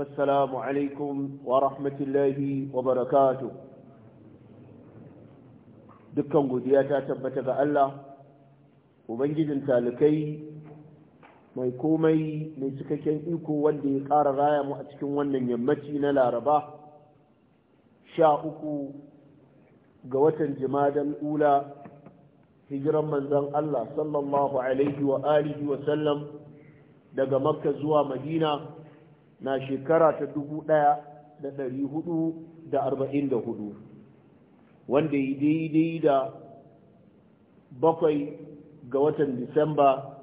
فالسلام عليكم ورحمة الله وبركاته دكان قدياتا تبتغى الله ومنجد تالكي mai komai suka kai iko wanda ya ƙara raya mu a cikin wannan yammaci na laraba sha uku ga watan jimadan ula hijiran manzan Allah sallallahu daga makka zuwa madina na shekara ta dubu ɗaya da ɗari hudu da arba'in da hudu wanda yi daidai da bakwai ga watan disamba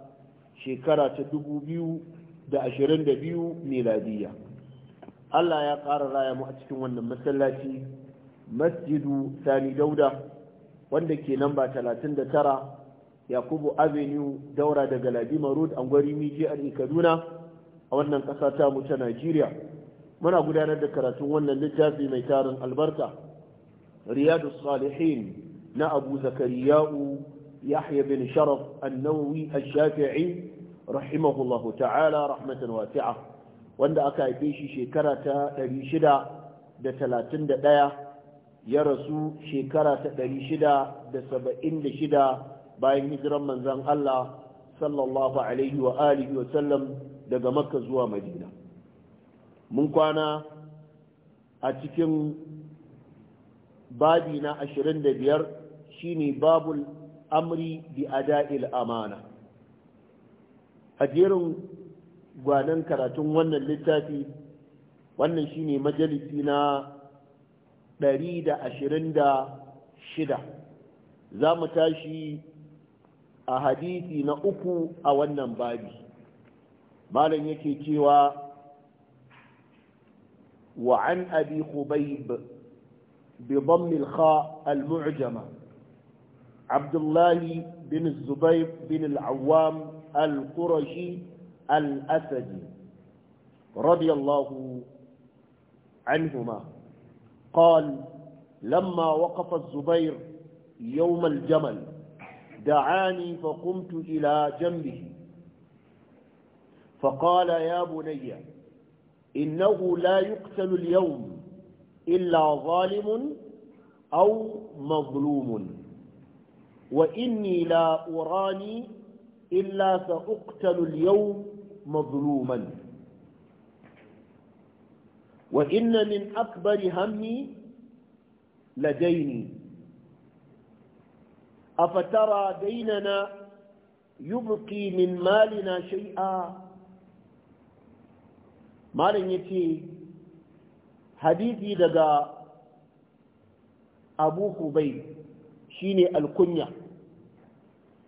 shekara ta dubu biyu da ashirin da biyu miladiya allah ya ƙara raya mu a cikin wannan masallaci masjidu sani dauda wanda ke nan ba talatin da tara yakubu avenue daura daga ladima road an gwari miji a kaduna a wannan ƙasa ta mu ta Najeriya muna gudanar da karatun wannan littafi mai tarin albarka Riyadu Salihin na Abu Zakariya'u Yahya bin Sharaf An-Nawawi Ash-Shafi'i ta'ala rahmatan wasi'a wanda aka haife shi shekara ta 631 ya rasu shekara ta 676 bayan hijiran manzon Allah sallallahu alaihi wa alihi wa sallam daga makka zuwa madina mun kwana a cikin babi na 25 shine babul amri bi ada'il amana a jerin gwanan karatun wannan littafi wannan shine majalisi na 126 za mu tashi a hadisi na uku a wannan babi مالن يكي تيوى وعن أبي خبيب بضم الخاء المعجمة عبد الله بن الزبيب بن العوام القرشي الأسد رضي الله عنهما قال لما وقف الزبير يوم الجمل دعاني فقمت إلى جنبه فقال يا بني إنه لا يقتل اليوم إلا ظالم أو مظلوم وإني لا أراني إلا سأقتل اليوم مظلوما وإن من أكبر همي لديني أفترى ديننا يبقي من مالنا شيئا malam ya ce hadithi daga abu hubai ne alkunya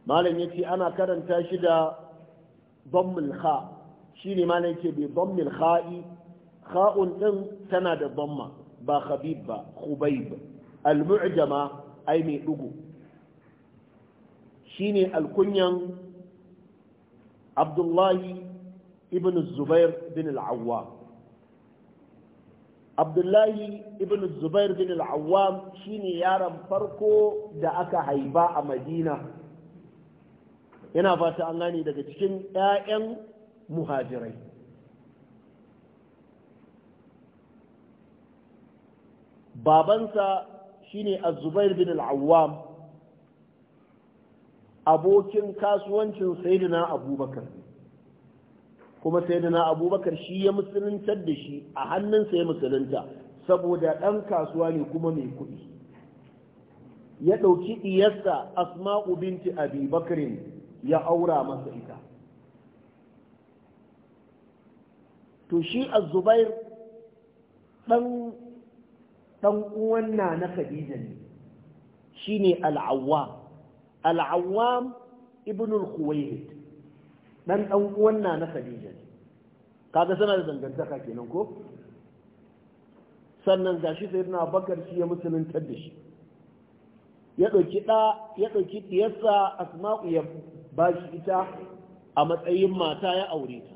malam ya ce ana karanta shi da bammul kha shine malam ya ce bai bammul kha'i kha'un tana da bamma ba khabib ba hubaib al-mu'jama ai mai Shi shine alkunyan abdullahi ibn zubair bin al'awwam abdullahi ibn zubair bin al'awwam shine yaron farko da aka haifa a madina yana fata an gane daga cikin 'ya'yan muhajirai babansa shine az-zubair bin al-awwam abokin kasuwancin sayyidina abubakar kuma sai da abubakar shi ya musuluntar da shi a hannunsa ya musulunta saboda ɗan kasuwa ne kuma mai kuɗi ya ɗauki ɗiyarsa asma'u binti abi bakarin ya aura masa ita to shi azubair ɗan uwan na na khadija ne shi ne al'awwam al'awwam ibn al dan dan uwan na na Khadija kaga suna da dangantaka kenan ko sannan gashi na Bakar shi ya musuluntar da shi ya ɗauki ɗa ya ɗauki ɗiyarsa asma'u ya ba shi ita a matsayin mata ya aure ta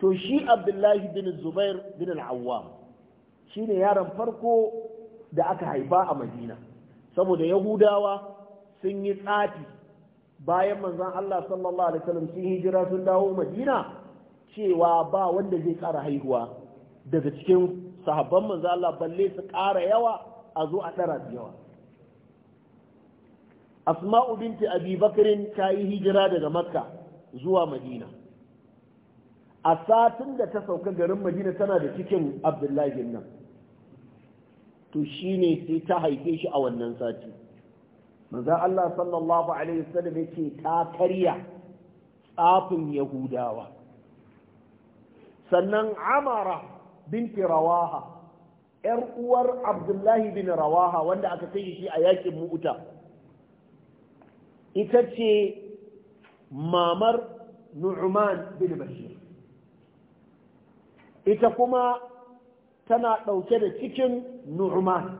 to shi abdullahi bin zubair bin al'awwam shi ne yaron farko da aka haifa a madina saboda yahudawa sun yi tsafi bayan manzon Allah sallallahu alaihi wasallam sun hijira sun dawo Madina cewa ba wanda zai ƙara haihuwa daga cikin sahabban manzon Allah balle su ƙara yawa a zo a ɗara yawa Asma'u binti Abi Bakrin ta yi hijira daga Makka zuwa Madina a satin da ta sauka garin Madina tana da cikin Abdullahi nan to shine sai ta haife shi a wannan sati manzon Allah sallallahu alaihi wasallam yake ta karya tsafin yahudawa sannan amara binti rawaha ‘yar uwar abdullahi bin rawaha wanda aka kai shi a yakin mu'uta ita ce mamar nu'man bin bashir ita kuma tana ɗauke da cikin nu'man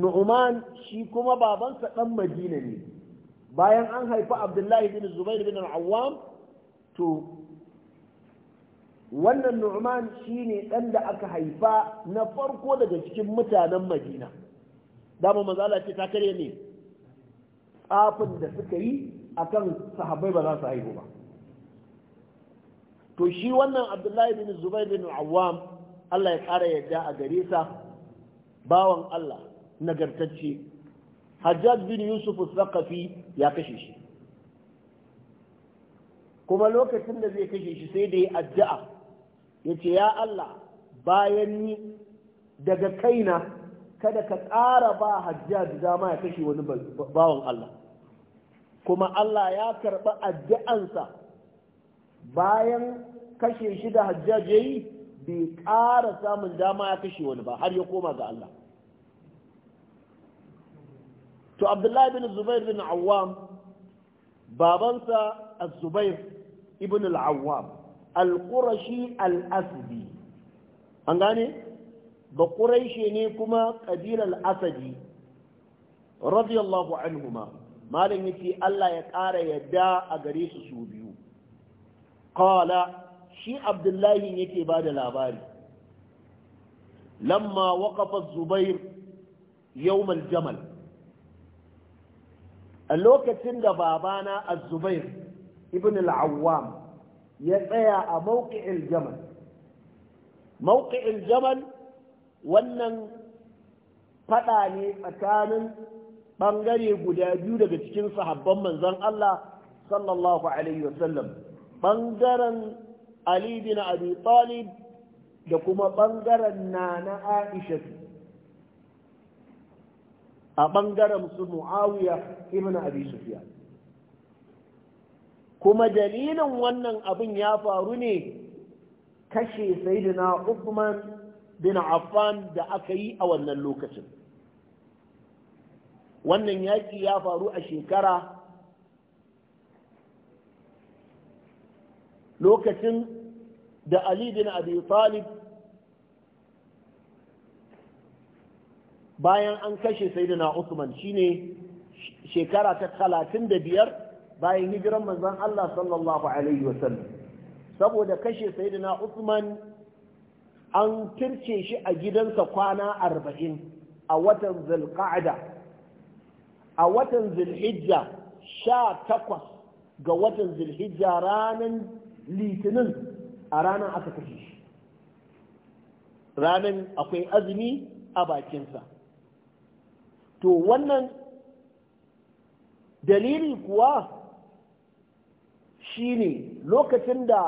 nu'man shi kuma babansa dan madina ne bayan an haifi abdullahi bin zubair bin al-awwam to wannan nu'man ne dan da aka haifa na farko daga cikin mutanen madina dama mazala ce ta kare ne tsafin da suka yi akan sahabbai ba za su haihu ba to shi wannan abdullahi bin zubair bin al-awwam Allah ya ƙara yadda a gare sa bawan Allah nagartacce hajjaj bin yusuf al ya kashe shi kuma lokacin da zai kashe shi sai da ya addu'a yace ya Allah bayan ni daga kaina kada ka ƙara ba hajjaj dama ya kashe wani bawan Allah kuma Allah ya karɓi addu'ansa bayan kashe shi da hajjaj yayi bai ƙara samun dama ya kashe wani ba har ya koma ga Allah to abdullahi bin zubair bin awwam babansa az-zubair ibn al-awwam al-qurashi al-asdi an gane ba quraishi ne kuma kabilar asadi radiyallahu anhuma malam yace Allah ya ƙara yadda a gare su su biyu qala shi abdullahi yake ba da labari lamma waqafa az-zubair yawm al-jamal a lokacin da babana azubair zubair ibn al-awwam ya tsaya a mawqi'il jamal mawqi'il jamal wannan fada ne tsakanin ɓangare guda biyu daga cikin sahabban manzon Allah sallallahu alaihi wasallam bangaren Ali bin Abi Talib da kuma na, Nana Aisha a ɓangaren su mu'awiya ibn abi sufyan kuma dalilin wannan abin ya faru ne kashe sayyidina Uthman bin Affan da aka yi a wannan lokacin wannan yaƙi ya faru a shekara lokacin da Ali bin Abi Talib bayan an kashe sayyidina Usman shine shekara ta talatin da biyar bayan hijiran manzon Allah sallallahu alaihi wasallam saboda kashe sayyidina Usman an firce shi a gidansa kwana arba'in a watan zulqa'da a watan zulhijja sha takwas ga watan zulhijja ranar litinin a ranar aka kashe shi ranar akwai azumi a bakinsa to wannan dalili kuwa shine lokacin da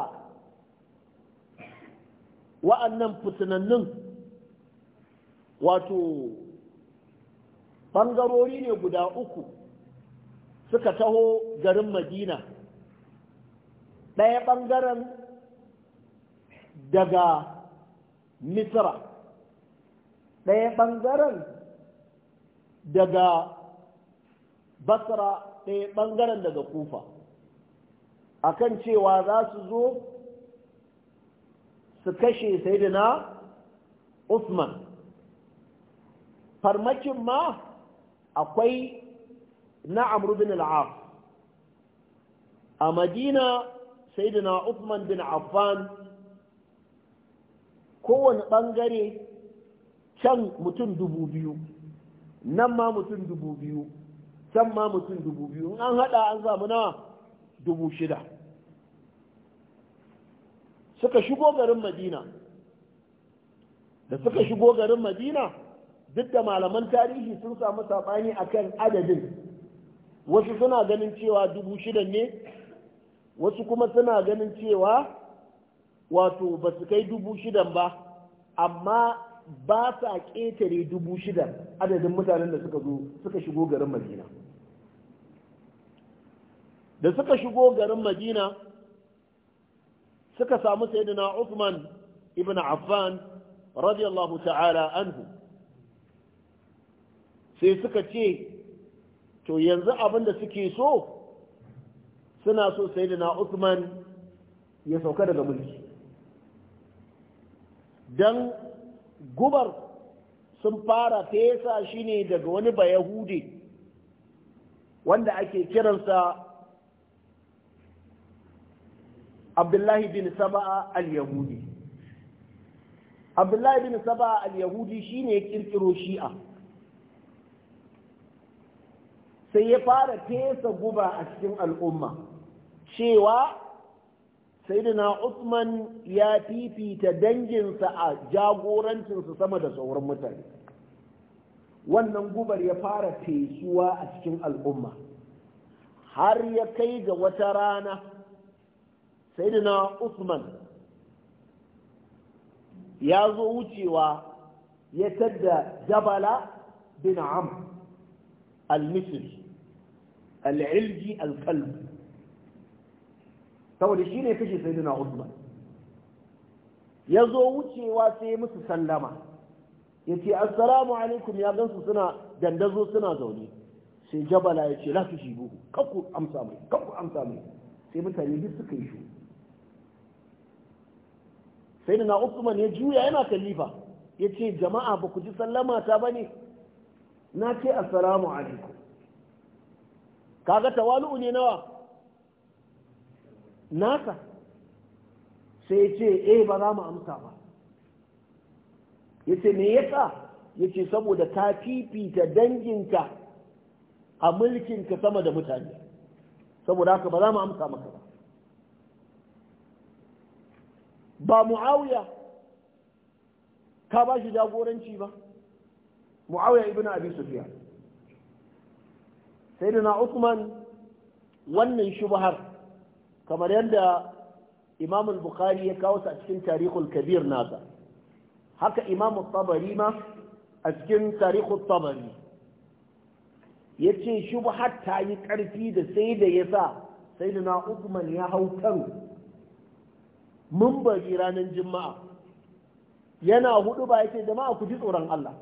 wa'annan fitinannin wato ɓangarori ne guda uku suka taho garin madina ɗaya ɓangaren daga misra ɗaya ɓangaren daga basra ɗaya ɓangaren daga kufa akan cewa za su zo su kashe Sayyidina usman farmakin ma akwai na amrubin al'af a madina Sayyidina usman bin affan kowane ɓangare can mutum dubu biyu nan ma mutum dubu biyu can ma mutum dubu biyu in an haɗa an samu nawa dubu shida suka shigo garin madina da suka shigo garin madina duk da malaman tarihi sun samu saɓani akan adadin wasu suna ganin cewa dubu shida ne wasu kuma suna ganin cewa wato ba su kai dubu shidan ba amma ba sa ƙetare dubu shida adadin mutanen da suka zo suka shigo garin madina da suka shigo garin madina suka samu sayyidina Usman ibn Affan radiyallahu ta'ala anhu sai suka ce to yanzu abin da suke so suna so sayyidina Usman ya sauka daga mulki dan gubar sun fara fesa shi ne daga wani bayahude wanda ake kiransa abdullahi bin saba'a al-yahudi abdullahi bin saba'a al-yahudi shi ne kirkiro shi'a sai ya fara fesa guba a cikin al'umma cewa sayyidina Uthman ya fifita danginsa a jagorancinsa sama da sauran mutane wannan gubar ya fara fesuwa a cikin al'umma har ya kai ga wata rana sayyidina Uthman ya zo wucewa ya tadda jabala bin am al-misri al-ilji al-kalb saboda shi ne kashe sayyidina Usman ya zo wucewa sai musu sallama ya ce assalamu alaikum ya gansu suna dandazo suna zaune sai jabala ya ce lafi shi buhu kakku amsa mai kakku amsa mai sai mutane duk suka yi shu sai da na usman ya juya yana kalifa ya ce jama'a ba ku ji sallama ta ba ne na ce assalamu alaikum kaga tawalu'u ne nawa nasa sai ce e ba za mu amsa ba ya ce me yasa ya ce saboda ta fifita danginka a mulkinka sama da mutane saboda haka ba za mu amsa maka ba ba mu'awiya ka ba shi jagoranci ba mu'awiya ibn abi sufyan sai da na usman wannan shubhar kamar yadda imam al-bukhari ya kawo su a cikin tarihul kabir nasa haka imam tabari ma a cikin tarihul tabari ya ce shubhat ta yi ƙarfi da sai da yasa sa sai da na usman ya hau kan mun ranar juma'a yana hudu ba ya ce jama'a ku ji tsoron Allah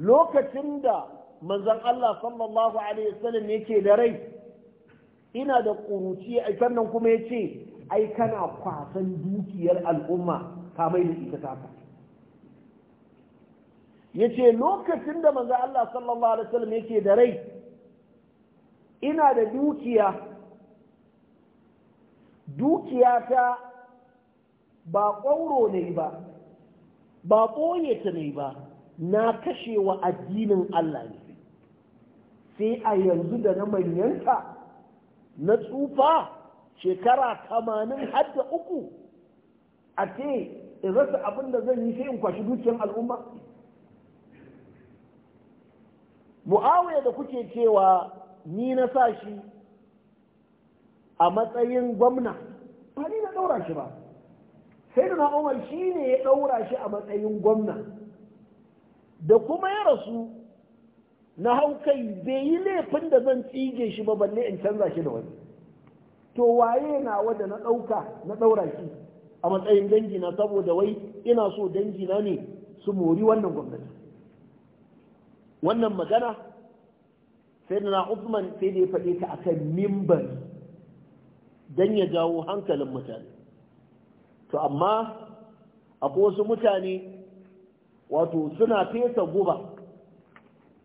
lokacin da manzon Allah sallallahu alaihi wasallam yake da rai ina da ƙuruci a sannan kuma ya ce ai kana kwasan dukiyar al'umma mai da ita ta ya ce lokacin da manzo Allah sallallahu alaihi wasallam yake da rai ina da dukiya dukiya ta ba ƙwauro ne ba ba ɓoye ta ne ba na kashewa addinin Allah ne sai a yanzu da na manyanta na tsufa shekara tamanin hadda uku a ce in rasa abin da zan yi sai in kwashi dukiyar al'umma Mu'awiyar da kuke cewa ni na sa shi a matsayin gwamna ba ni na ɗaura shi ba sai da umar shi ne ya ɗaura shi a matsayin gwamna da kuma ya rasu na hau kai bai yi laifin da zan tsige shi ba balle in canza shi da wani to waye na wanda na ɗauka na ɗaura shi a matsayin dangi na saboda wai ina so dangi na ne su mori wannan gwamnati wannan magana sai na Uthman sai da ya faɗe ta akan mimbar dan ya jawo hankalin mutane to amma akwai wasu mutane wato suna fesa guba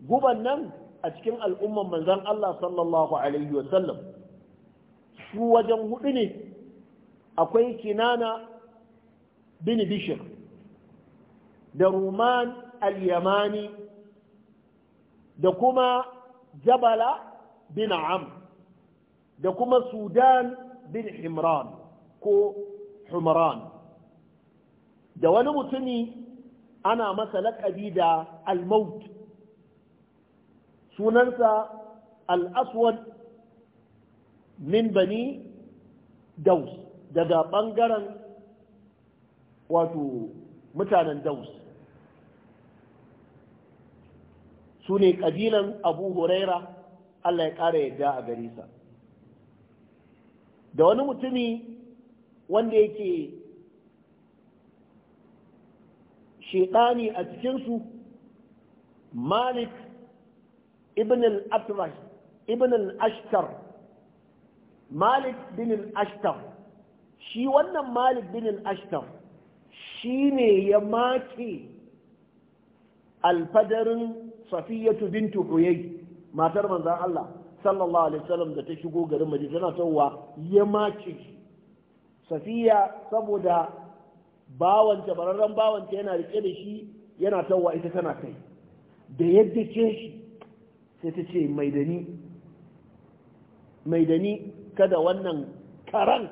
guban nan a cikin al'umman manzon Allah sallallahu alaihi wasallam su wajen hudu ne akwai kinana bin bishir da ruman al-yamani da kuma jabala bin am da kuma sudan bin himran ko humran da wani mutumi ana masa laƙabi da al-maut sunansa al-aswad min bani daus daga ɓangaren wato mutanen daus su ne ƙabilan abu huraira allah ya ƙara yadda a gare sa da wani mutumi wanda yake shaɗani a cikinsu malik ibn al-atrash ashtar malik bin ashtar shi wannan malik binin al-ashtar shi ne ya mace alfadarin safiyatu bintu huyai matar manzan Allah sallallahu alaihi wasallam da ta shigo garin Madina tana tawwa ya mace shi safiya saboda bawanta bararren bawanta yana rike da shi yana tawwa ita tana kai da yadda ce shi sai ta ce mai da ni kada wannan karan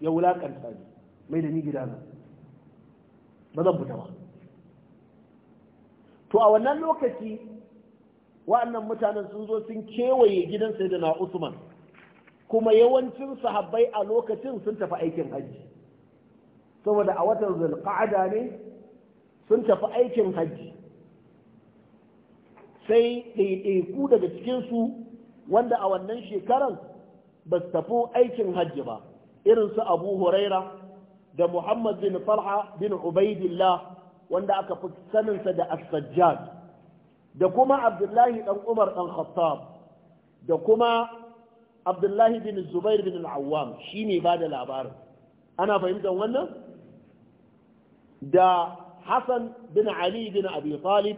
ya wulakanta ni mai gidana ba zan fita ba to a wannan lokaci wa'annan mutanen sun zo sun kewaye gidan sai da na usman kuma yawancin sahabbai a lokacin sun tafi aikin hajji saboda a watan zulqa'ada ne sun tafi aikin hajji sai ɗaiɗaiku daga cikinsu wanda a wannan shekaran ba su tafi aikin hajji ba irin su abu huraira da muhammad bin falha bin ubaidillah wanda aka fi saninsa da as-sajjad da kuma abdullahi dan umar dan khattab da kuma abdullahi bin zubair bin al-awwam shine ba da labarin ana fahimtar wannan da hassan bin ali bin abi talib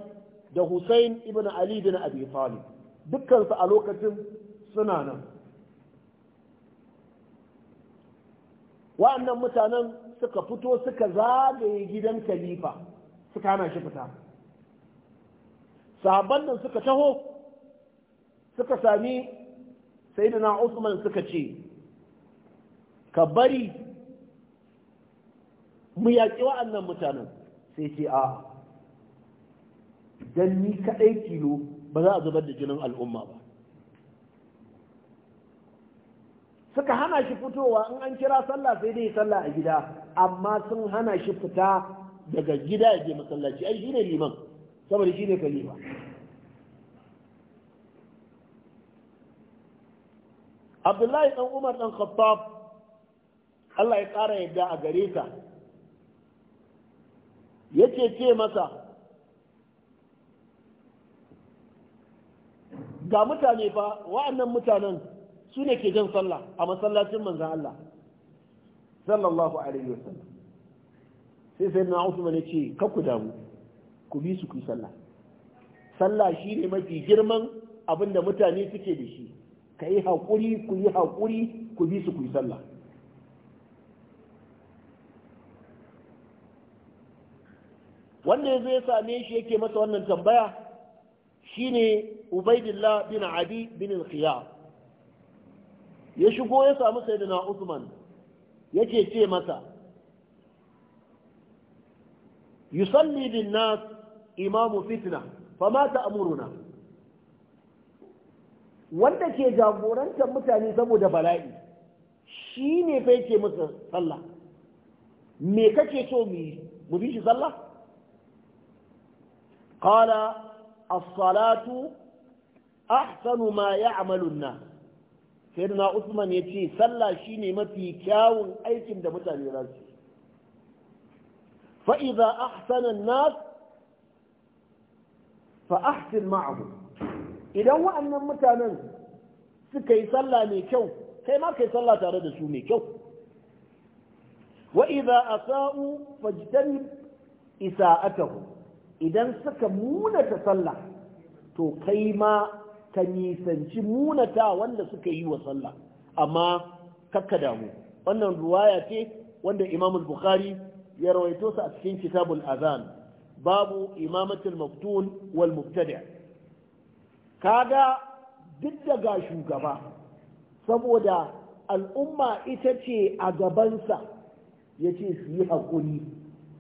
da Hussein ibn Ali bin Abi Talib dukkansu a lokacin suna nan wa'annan mutanen suka fito suka zagaye gidan khalifa suka hana shi fita sahabban nan suka taho suka sami sayyidina Usman suka ce ka bari mu yaƙi wa'annan mutanen sai ce a. dan ni kaɗai kilo ba za a zubar da jinin al'umma ba suka hana shi fitowa in an kira sallah sai dai sallah a gida amma sun hana shi fita daga gida ya je masallaci ai shine liman saboda shine Kalima. Abdullahi dan Umar dan Khattab Allah ya ƙara yadda a gare ka yace ce masa ga mutane fa wa'annan mutanen su ne ke jan sallah a masallacin manzan Allah sallallahu alaihi wasallam sai sai na Usman ce ka ku damu ku bi su ku sallah sallah shi ne mafi girman abin da mutane suke da shi ka yi haƙuri ku yi haƙuri ku bi su ku sallah wanda zai same shi yake masa wannan tambaya shine ubaidillah bin abi bin al-khiyar ya shigo ya samu sayyidina usman yake ce masa yusalli bin nas imamu fitna fama ta'muruna wanda ke jagorantar mutane saboda bala'i shine fa yake musu sallah me kake so mu mu bi shi sallah qala as-salatu ahsanu ma ya'malun nas sayyidina Usman yace sallah shine mafi kyawun aikin da mutane za su fa idza ahsana an-nas fa ahsin ma'ahum idan wa'annan mutanen suka yi sallah mai kyau kai ma kai sallah tare da su mai kyau wa idza asa'u fajtanib isa'atahum idan suka munata sallah to kai ma ka nisanci munata wanda suka yi wa sallah amma kakka damu wannan ruwaya ce wanda imam bukhari ya rawaito sa a cikin kitabul azan babu imamatul maftun wal mubtada kaga duk daga shugaba saboda al'umma ita ce a gabansa ya ce su yi haƙuri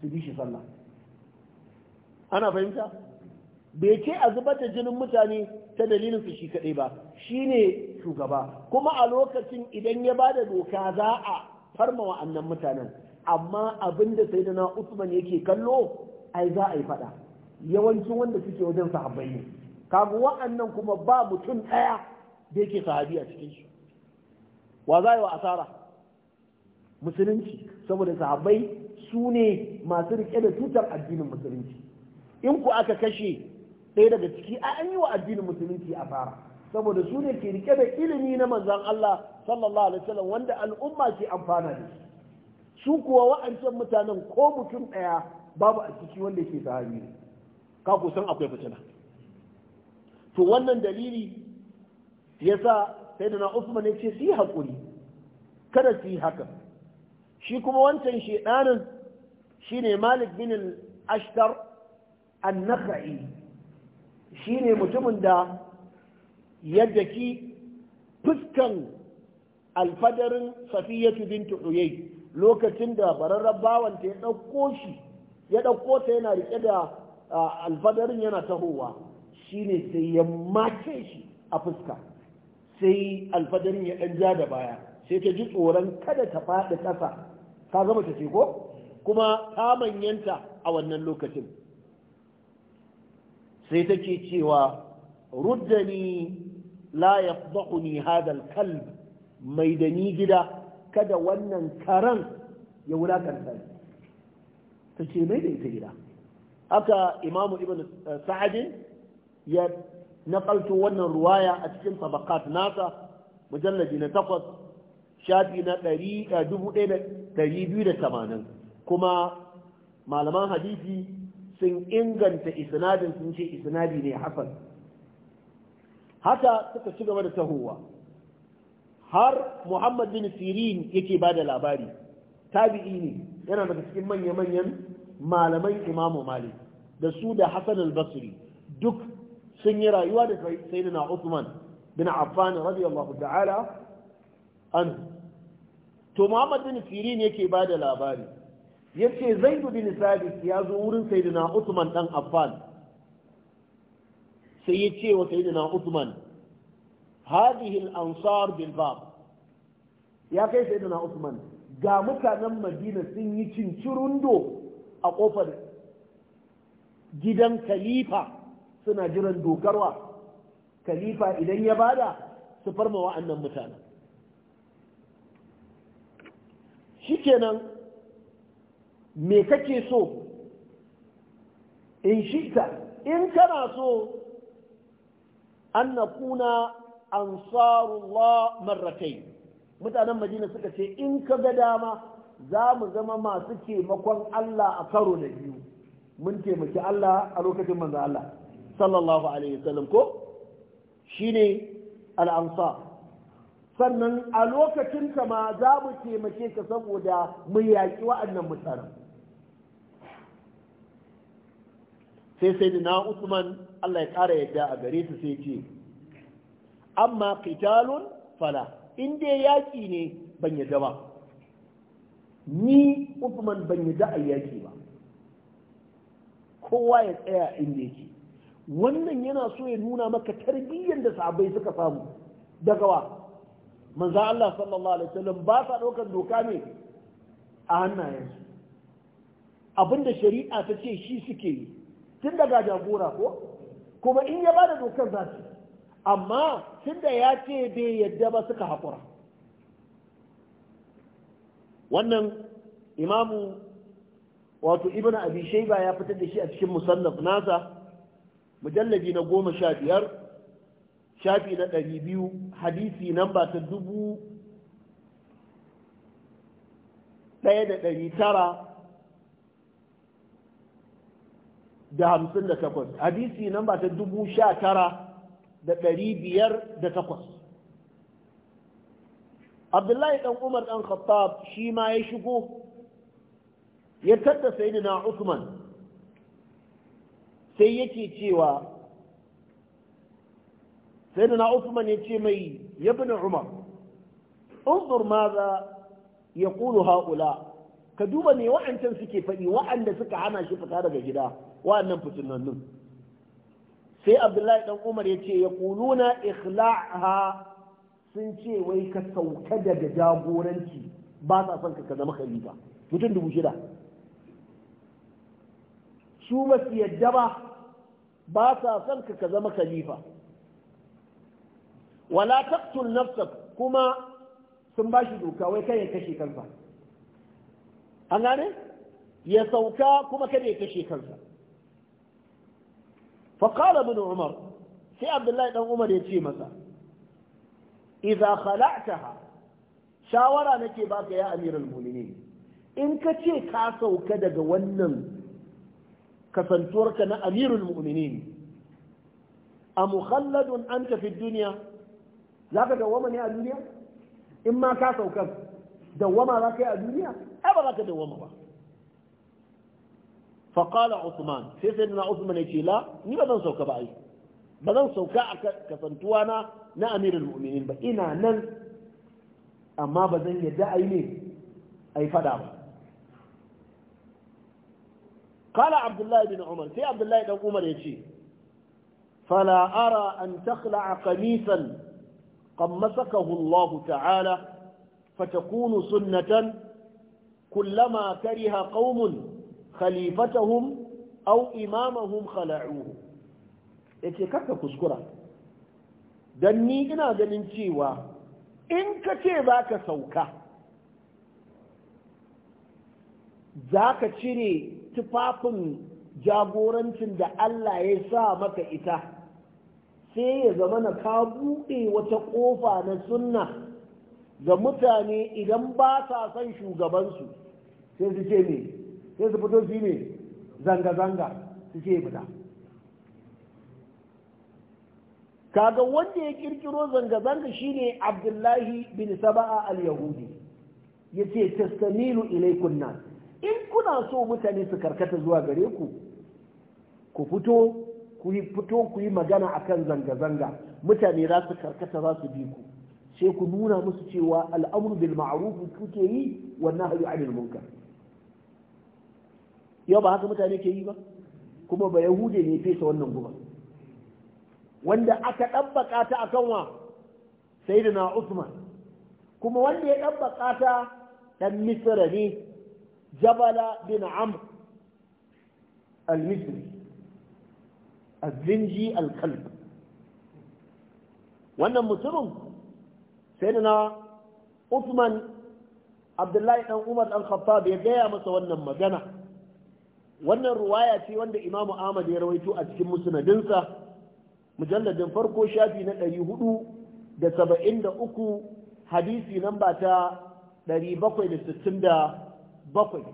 su bi shi sallah ana fahimta bai ce a zubar da jinin mutane ta dalilin su shi kaɗai ba Shi ne shugaba kuma a lokacin idan ya ba da doka za a farma wa'annan mutanen amma abin da sai na usman yake kallo ai za a yi faɗa yawancin wanda suke wajen sahabbai ne kaga wa'annan kuma ba mutum ɗaya da yake sahabi a cikin shi wa za yi wa asara musulunci saboda sahabbai su ne masu riƙe da tutar addinin musulunci in ku aka kashe ɗaya daga ciki a an yi wa addinin musulunci a fara saboda su ne ke rike da ilimi na manzan Allah sallallahu alaihi wasallam wanda al'umma ke amfana da su, su kuwa wa'ancan mutanen ko mutum ɗaya babu a ciki wanda ke sahabi ne ka kusan akwai fitina to wannan dalili yasa sai da na Usman ya ce su yi haƙuri kada su yi haka shi kuma wancan shi shine Malik bin al-Ashtar annaka'i shi ne mutumin da ya ki fuskan alfadarin safiyatu bintu uyay lokacin da bararren bawanta ya ɗauko shi ya ɗauko ta yana riƙe da alfadarin yana tahowa shine ne sai ya mace shi a fuska sai alfadarin ya ɗan ja da baya sai ta ji tsoron kada ta faɗi ƙasa ka gama ta ce ko kuma ta manyanta a wannan lokacin sai take cewa ruddani la yafdahuni hadal kalb mai da ni gida kada wannan karan ya wulakanta ta ce mai da ita gida aka imamu ibn eh, sa'adin ya naƙalto wannan ruwaya a cikin tabakat nasa mujallabi na takwas shafi na ɗari eh, dubu ɗaya da biyu da tamanin kuma malaman hadisi sun inganta isnadin sun ce isnadi ne hasan haka suka ci gaba da tahowa har muhammad bin sirin yake ba da labari tabi'i ne yana daga cikin manya-manyan malaman imamu malik da su da hassan al-basri duk sun yi rayuwa da sayyidina Uthman bin Affan radiyallahu ta'ala an to Muhammad bin Sirin yake ba da labari Ya yace zai bin sabit ya zo wurin sayyidina Uthman dan Affan sai ya ce wa sayyidina Uthman hadihi al-ansar bil bab ya kai sayyidina Uthman ga mutanen Madina sun yi cincirundo a kofar gidan khalifa suna jiran dokarwa khalifa idan ya bada su farma wa'annan mutanen shikenan me kake so in ta in kana so an na kuna ansarullah marratai mutanen madina suka ce in ka ga dama za mu zama masu taimakon Allah a karo da biyu mun taimaki Allah a lokacin manzo Allah sallallahu alaihi wasallam ko shine al-ansar sannan a lokacin ka ma za mu taimake ka saboda mu yaƙi wa'annan mutanen sai sai na Usman Allah ya kara yadda a gare su sai ce amma qitalun fala in dai yaƙi ne ban yadda ba ni Usman ban yadda a yaƙi ba kowa ya tsaya inda yake wannan yana so ya nuna maka tarbiyyar da sahabbai suka samu daga wa manzo Allah sallallahu alaihi wasallam ba sa daukar doka ne a hannayensu abinda shari'a ta ce shi suke yi tun daga jagora ko kuma in ya bada dokar za su amma tun da ya ce bai yadda ba suka haƙura wannan imamu wato ibn abi shaiba ya fitar da shi a cikin musannaf nasa mujallabi na goma sha biyar shafi na ɗari biyu hadisi namba ta dubu ɗaya da ɗari tara da hamsin da takwas hadisi nan ba ta dubu sha tara da ɗari biyar da takwas abdullahi ɗan umar ɗan khattab shi ma ya shigo ya tatta sayidina usman sai yake cewa sayidina usman ya ce mai yabin umar unzur ya ƙulu ha'ula ka duba ne wa'ancan suke faɗi wa'anda suka hana shi fita daga gida wa'annan fitinannun sai abdullahi dan umar ya ce ya kuluna ikhla'ha sun ce wai ka sauka daga jagoranci ba sa son ka zama khalifa mutum dubu shida su ba su yadda ba ba sa son ka ka zama khalifa wala taqtul nafsak kuma sun ba shi doka wai kai ya kashe kansa an gane ya sauka kuma kada ya kashe kansa فقال ابن عمر sai abdullahi dan umar ya ce masa idza khala'taha shawara nake baka ya amiral mu'minin in ka ce ka sauka daga wannan kasantuwarka na amirul mu'minin a mukhalladun anta fi dunya zaka dawwama ne a duniya in ma ka sauka dawwama zaka yi a duniya ai ba zaka dawwama ba faƙala usman sai sai na usman ya ce la ni ba zan sauka ba ai ba zan sauka a kasantuwa na na amirul mu'minin ba ina nan amma ba zan yadda ai ne ai fada ba قال عبد الله بن عمر في عبد الله بن عمر يجي فلا أرى أن تخلع قميصا قمسكه الله تعالى فتكون سنة كلما كره قوم khalifatahum aw imamahum khala'uhu yace kaka kuskura dan ni ina ganin cewa in ka ce zaka sauka zaka cire tufafin jagorancin da Allah ya sa maka ita sai ya zama na ka buɗe wata ƙofa na sunna ga mutane idan ba sa son shugabansu sai su ce ne sai su fito shi ne zanga-zanga su ce fita kaga wanda ya kirkiro zanga-zanga shine abdullahi bin saba'a al-yahudi ya ce tastamilu ilaikun nan in kuna so mutane su karkata zuwa gare ku ku fito ku yi fito ku yi magana akan zanga-zanga mutane za su karkata za su bi ku sai ku nuna musu cewa al'amru bil ma'ruf kuke yi wannan hayu anil munkar yau ba haka mutane ke yi ba kuma ba yahude ne fesa wannan guba wanda aka ɗabbaka ta sai da na usman kuma wanda ya ɗabbaka ta ɗan misra ne jabala bin amr al-misri al-zinji al-kalb wannan mutumin na usman abdullahi dan umar dan khattab ya gaya masa wannan magana wannan ruwaya ce wanda imamu ahmad ya rawaito a cikin musnadinsa mujalladin farko shafi na ɗari hudu da saba'in da uku hadisi namba ta ɗari bakwai da sittin da bakwai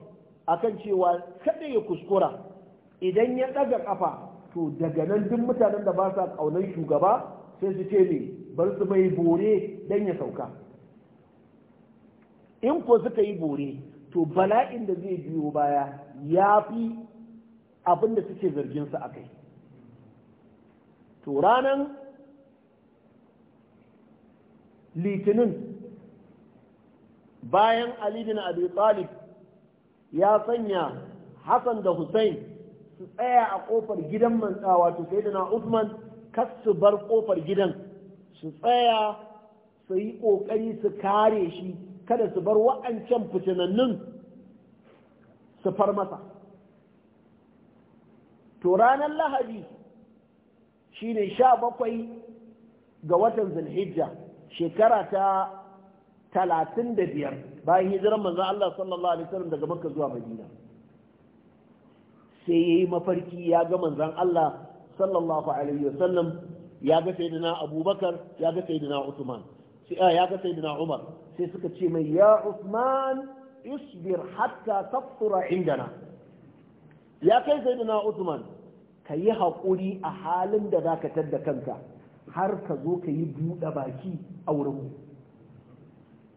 akan cewa kada ya kuskura idan ya ɗaga ƙafa to daga nan duk mutanen da ba sa ƙaunar shugaba sai su ce ne bar su mai bore don ya sauka in ko suka yi bore to bala'in da zai biyo baya ya fi abin da suke zarginsa a kai to ranar litinin bayan Ali bin Abi Talib ya sanya Hassan da Hussein su tsaya a kofar gidan sai wato na Usman kas su bar kofar gidan su tsaya su yi kokari su kare shi kada su bar wa'ancan fitinannun su far masa to ranar lahadi shi ne sha bakwai ga watan zulhijja shekara ta talatin da biyar bayan hijiran manzan Allah sallallahu alaihi wasallam daga makka zuwa madina sai ya yi mafarki ya ga manzan Allah sallallahu alaihi wasallam ya ga sayyidina abubakar ya ga sayyidina usman Ah, ya ga sayyidina Umar sai suka ce mai ya Uthman isbir hatta tafsura indana ya kai sayyidina Uthman ka yi haƙuri a halin da za ka tadda kanka har ka zo ka yi buɗe baki a wurinmu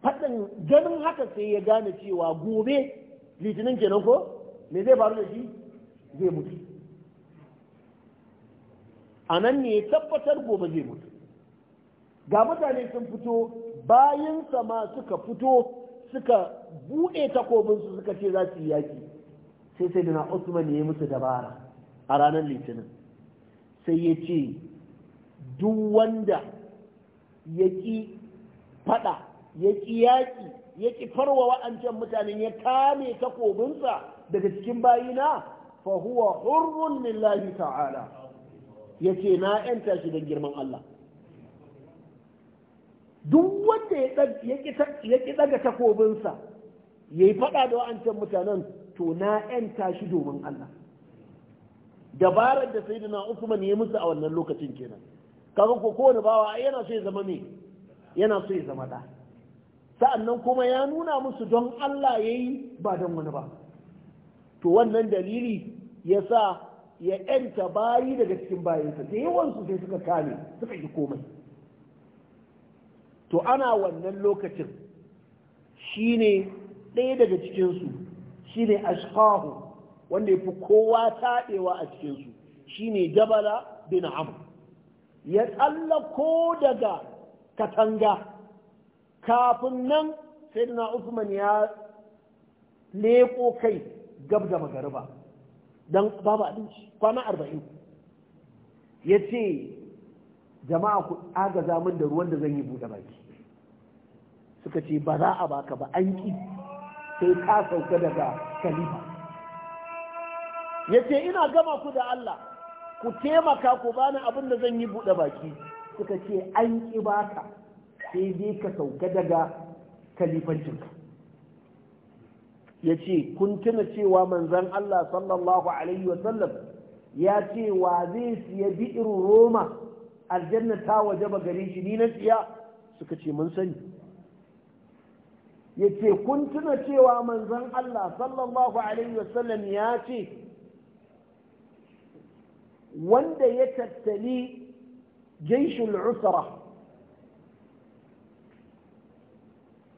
faɗin ganin haka sai ya gane cewa gobe litinin kenan ko me zai faru da shi zai mutu a nan ne tabbatar gobe zai mutu ga mutane sun fito bayan sama suka fito suka buɗe takobinsu suka ce za su yi yaƙi sai sai dana usman ya yi musu dabara a ranar litinin sai ya ce duk wanda ya ƙi faɗa ya ƙi yaƙi ya ƙi farwa wa'ancan mutanen ya kame takobinsa daga cikin bayina fa huwa hurrun lillahi ta'ala ya na 'yanta shi don girman Allah duk wanda ya ƙi daga takobinsa ya yi faɗa da wa'ancan mutanen to na ‘yanta shi domin Allah dabarar da sai Usman ya musu a wannan lokacin kenan kaga ko kowane bawa yana so ya zama me yana so ya zama da sa'annan kuma ya nuna musu don Allah ya yi ba don wani ba to wannan dalili ya sa ya ‘yanta bayi daga cikin bayansa da yawansu sai suka kame suka yi komai to ana wannan lokacin shine ɗaya daga cikinsu shine ashqahu wanda ya fi kowa taɗewa a cikinsu shine jabala bin am ya tsallako daga katanga kafin nan sai na usman ya leko kai gab da magariba don babu abinci kwana arba'in ya ce jama'a ku agaza min da ruwan da zan yi buɗe baki suka ce ba za a baka ba an ƙi sai ka sauka daga kalifa ya ce ina gama ku da Allah ku taimaka ku bani abin da zan yi buɗe baki suka ce an ƙi baka sai dai ka sauka daga kalifancinka ya ce kun tuna cewa manzan Allah sallallahu alaihi wasallam ya ce wa zai siya bi'ir roma aljanna ta waje ba gare shi ni na siya suka ce mun sani ya ce kun tuna cewa manzon Allah sallallahu alaihi wasallam ya ce wanda ya tattali jaishul usra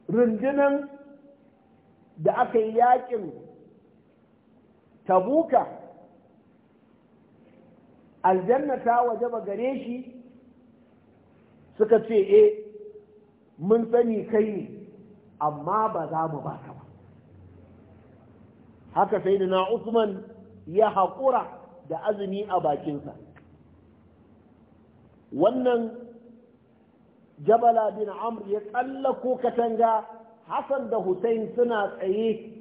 rundunan da aka yi yakin tabuka aljanna ta ba gare shi suka ce e mun sani kai ne amma ba za mu ba ka ba haka sai na Usman ya haƙura da azumi a bakinsa wannan jabala bin amr ya tsallako katanga hassan da hussein suna tsaye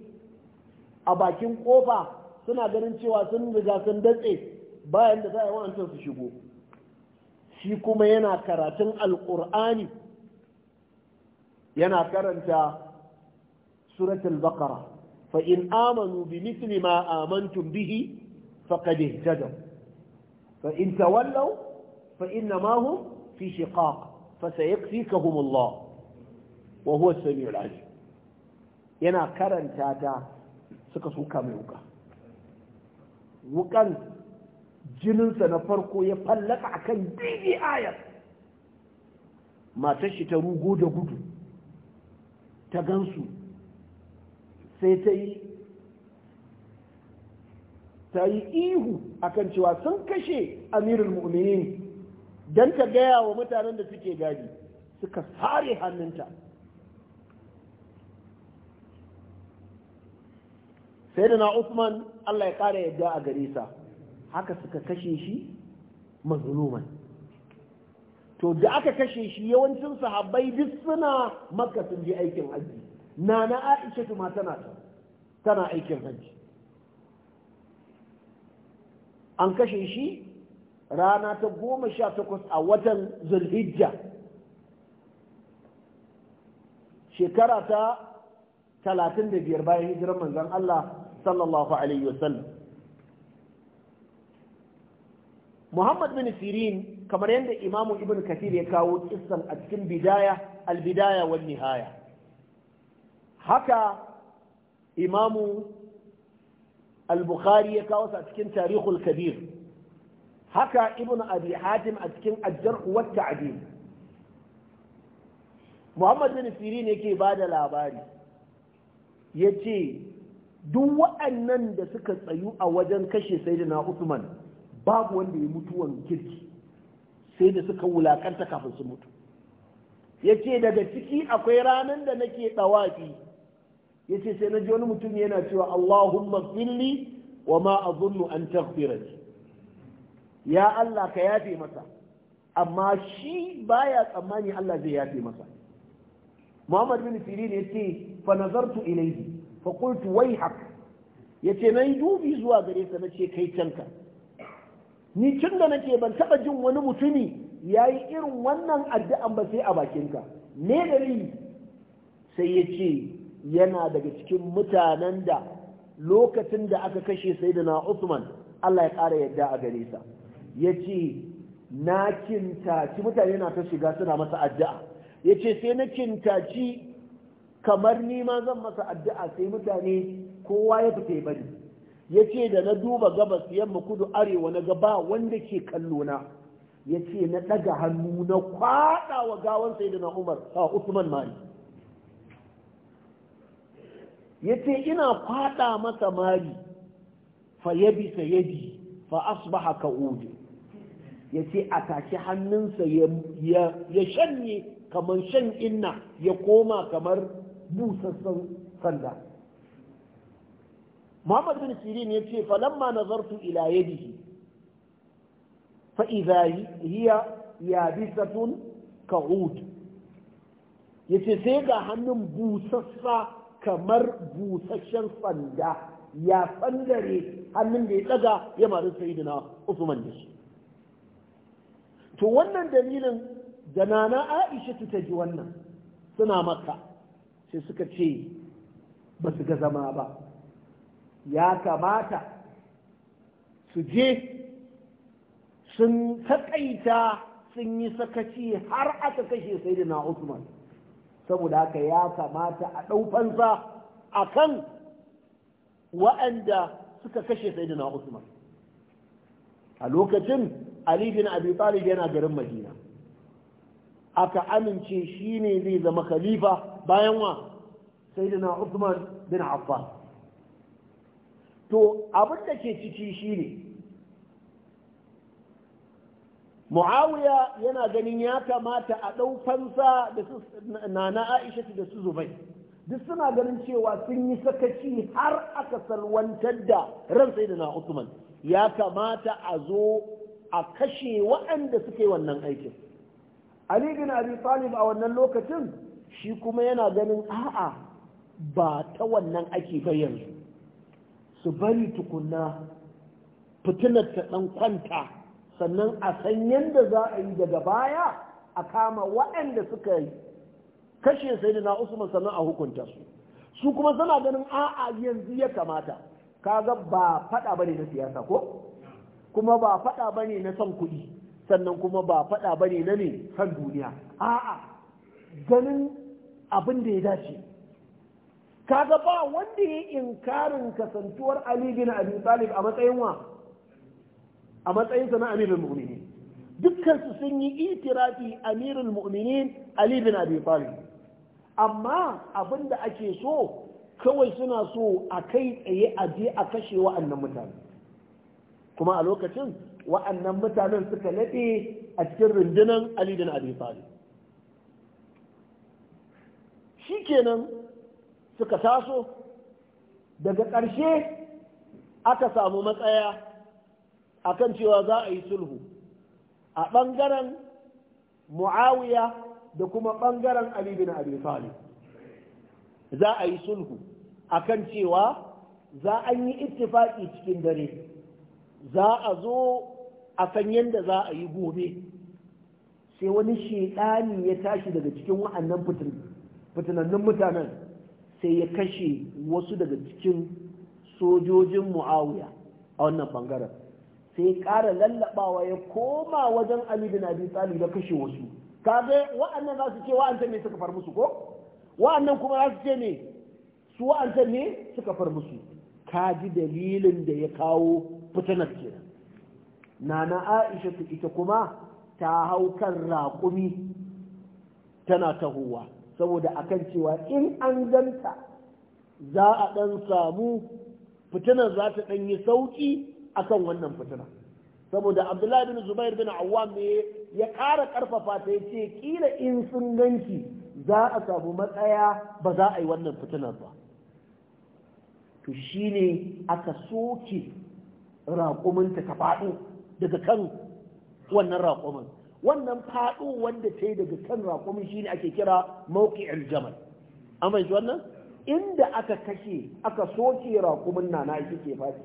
a bakin kofa suna ganin cewa sun riga sun datse bayan da za a yi wa'ancin su shigo shi kuma yana karatun alƙur'ani yana karanta suratul baqara fa in amanu bi mithli ma amantum bihi faqad ihtadaw fa in tawallaw fa innama hum fi shiqaq fa sayakfikahum Allah wa huwa as-sami'ul alim yana karanta ta suka suka mai wuka wukan jininsa na farko ya fallaka akan dini ayar matar shi ta rugo da gudu ta gansu sai ta yi ta yi ihu akan cewa sun kashe amirul mu'minin don ta gaya wa mutanen da suke gadi suka sare hannunta sai da na usman allah ya kara yadda a gare haka suka kashe shi mazuluman to da aka kashe shi yawancin sahabbai duk suna makka sun je aikin hajji na aisha ma tana tana aikin hajji an kashe shi rana ta goma sha takwas a watan zulhijja shekara ta talatin da biyar bayan hijirar manzan Allah sallallahu alaihi wasallam Muhammad bin Sirin kamar yadda imamu ibn kathir ya kawo kissan a cikin bidaya albidaya wal nihaya haka imamu al-bukhari ya kawo a cikin tarihul kabir haka ibn abi hatim a cikin ajjar wa ta'dil muhammad bin sirin yake ba da labari ya ce duk waɗannan da suka tsayu a wajen kashe sayyidina usman babu wanda ya mutuwan kirki sai da suka wulakanta kafin su mutu ya daga ciki akwai ranar da nake ɗawafi yace sai na ji wani mutum yana cewa Allahumma filli wa ma azunnu an taghfirati ya Allah ka yafe masa amma shi baya tsammani Allah zai yafe masa Muhammad bin Sirin yace ce fa nazartu ilayhi fa qultu wayhak ya ce nayi dubi zuwa gare sa na ce kai canka ni tun da nake ban taɓa jin wani mutumi ya yi irin wannan addu'an ba sai a bakinka me dalili sai ya ce yana daga cikin mutanen da lokacin da aka kashe sai da na Usman Allah ya ƙara yadda a gare sa ya ce na kintaci mutane na ta shiga suna masa addu'a ya ce sai na kintaci kamar ni ma zan masa addu'a sai mutane kowa ya fita bari yace da na duba gabas yamma kudu arewa na gaba wanda ke kallona ya ce na ɗaga hannu na kwaɗa wa gawan sai da na umar a usman mari ya ce ina kwaɗa masa mari fa yabi sa yabi fa asbaha ka udu ya ce a tashi hannunsa ya shanye kamar shan inna ya koma kamar busassan sanda muhammad bin sirin ya ce falamma nazartu ila yadihi fa idha hiya yabisatun ka yace sai ga hannun busassa kamar busasshen sanda ya tsandare hannun da ya tsaga ya maru sayyidina usman da shi to wannan dalilin da nana aisha ta ji wannan suna maka sai suka ce ba su ga zama ba ya kamata su je sun taƙaita sun yi sakaci har aka kashe sai na Usman saboda haka ya kamata a ɗaufansa a kan wa'anda suka kashe sai na Usman a lokacin Ali abu Abi Talib yana garin Madina aka amince shi ne zai zama khalifa bayan wa sai na Usman bin Affan to abin da ke ciki shi ne. muawiya yana ganin ya kamata a ɗaufansa fansa da su nana aisha da su zubai duk suna ganin cewa sun yi sakaci har aka salwantar da ran sai da na usman ya kamata a zo a kashe waɗanda suke wannan aikin ali bin abi talib a wannan lokacin shi kuma yana ganin a'a ba ta wannan ake ba su bari tukunna fitinar ta ɗan kwanta sannan a san yadda za a yi daga baya a kama waɗanda suka yi kashe sai na usman sannan a hukunta su su kuma suna ganin a'a yanzu ya kamata kaga ba faɗa bane na siyasa ko kuma ba faɗa bane na son kuɗi sannan kuma ba faɗa bane na ne kan duniya a'a ganin abin da ya dace kaga ba wanda ya inkarin kasantuwar Ali bin Abi Talib a matsayin wa a matsayin sa na Amirul Mu'minin dukkan su sun yi itirafi Amirul Mu'minin Ali bin Abi Talib amma abinda ake so kawai suna so a kai tsaye a je a kashe wa'annan mutane kuma a lokacin wa'annan mutanen suka laɗe a cikin rundunar Ali bin Abi Talib shikenan suka taso daga ƙarshe aka samu matsaya akan cewa za a yi sulhu a ɓangaren mu'awiya da kuma ɓangaren alibin alifali za a yi sulhu akan cewa za an yi ittifaki cikin dare za a zo a kan yadda za a yi gobe sai wani shaidani ya tashi daga cikin wa'annan fitinannun mutanen sai ya kashe wasu daga cikin sojojin mu'awiya a wannan bangaren sai ƙara lallabawa ya koma wajen Ali bin Abi Talib da kashe wasu kaje wa'annan za su ce wa'ancan ne suka far musu ko wa'annan kuma za su ce ne su wa'ancan ne suka far musu ka ji dalilin da ya kawo fitinar kenan nana Aisha ita kuma ta hau kan raƙumi tana tahowa saboda akan cewa in an ganta za a ɗan samu fitinar za ta ɗan yi sauƙi akan wannan fitina saboda abdullahi bin zubair bin awwam ne ya ƙara ƙarfafa ta ya ce ƙila in sun ganki za a samu matsaya ba za a yi wannan fitinar ba to shine aka soke raƙuminta ta faɗo daga kan wannan raƙumin wannan faɗo wanda ta yi daga kan raƙumin shi ne ake kira mawqi'ul jamal an wannan inda aka kashe aka soke raƙumin nana ita ke faɗi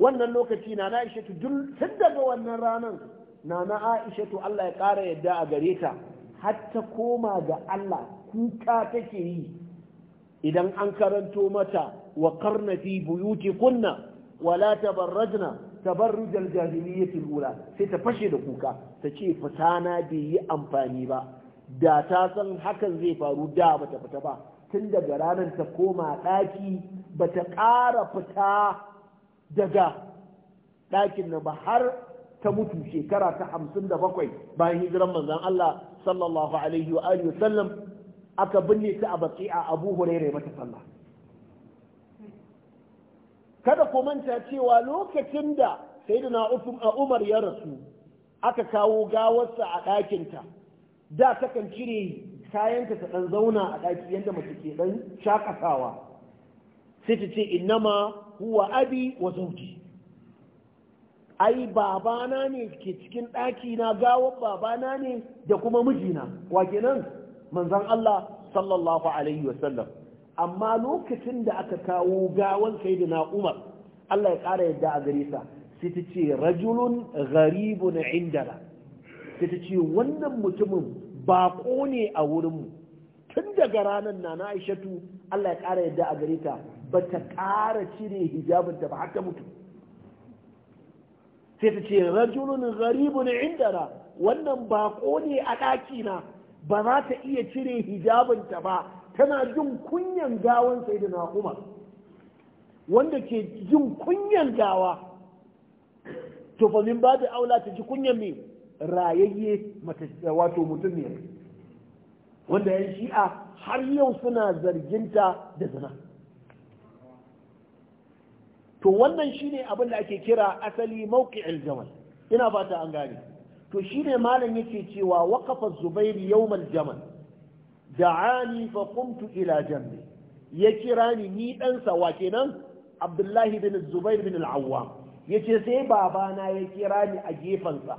wannan lokaci nana aisha tun daga wannan ranar nana aisha Allah ya ƙara yadda a gare ta har ta koma ga Allah kuka take yi idan an karanto mata wa karna fi buyuti kunna wala tabarrajna tabarruj al-jahiliyyah al-ula sai ta fashe da kuka ta ce na bai yi amfani ba da ta san hakan zai faru da bata fita ba tun daga ranar ta koma ɗaki bata ƙara fita daga ɗakin nan ba har ta mutu shekara ta hamsin da bakwai bayan hijiran manzan Allah sallallahu alaihi wa sallam aka binne ta a a abu hurairu mata sallah kada ku manta cewa lokacin da a Umar ya rasu aka kawo gawarsa a ɗakinta da takan cire kayanta ta ɗan zauna a ɗaki yadda mace ke ɗan shakatawa sai ta ce innama huwa abi wa zauji ai babana ne ke cikin ɗaki na gawar babana ne da kuma mijina wa kenan manzon Allah sallallahu alaihi wasallam amma lokacin da aka kawo gawan sayyidina Umar Allah ya ƙara yadda a gare sa sai ta ce rajulun gharibun indala sai ta ce wannan mutumin baƙo ne a wurinmu tun daga ranar na na aishatu Allah ya ƙara yadda a gare ta ba ta ƙara cire ta ba har ta mutu sai ta ce rajulun gharibun indala wannan baƙo ne a ɗakina ba za ta iya cire ta ba tana jin kunyan gawan sai da na umar wanda ke jin kunyan gawa to fa min babu aula ta ji kunyan me rayayye wato mutum ne wanda yan shi'a har yau suna zarginta da zina to wannan shine abin da ake kira asali mawqi'il jamal ina fata an gane to shine malam yake cewa waqafa Zubairu yawmal jamal da'ani fa qumtu ila jambi ya kira ni ni dan sawa nan Abdullahi bin Zubair bin al-Awwam yace sai babana ya kira ni a gefansa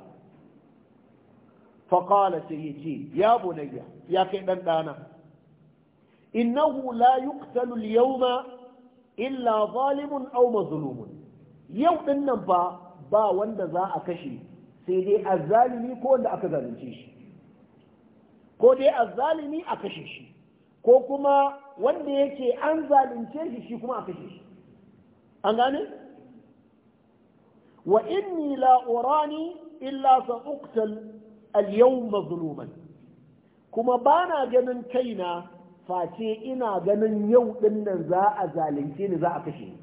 fa qala sai yace ya bunayya ya kai ɗanɗana. dana innahu la yuqtalu al-yawma illa zalimun aw mazlumun yau ɗinnan fa ba wanda za a kashe sai dai azzalimi ko wanda aka zalunce shi ko dai azzalimi a kashe shi ko kuma wanda yake an zalunce shi shi kuma a kashe shi an gane wa inni la'urani illa sa uqtal al yawma zuluman kuma bana ganin kaina face ina ganin yau din nan za a zalunce ni za a kashe ni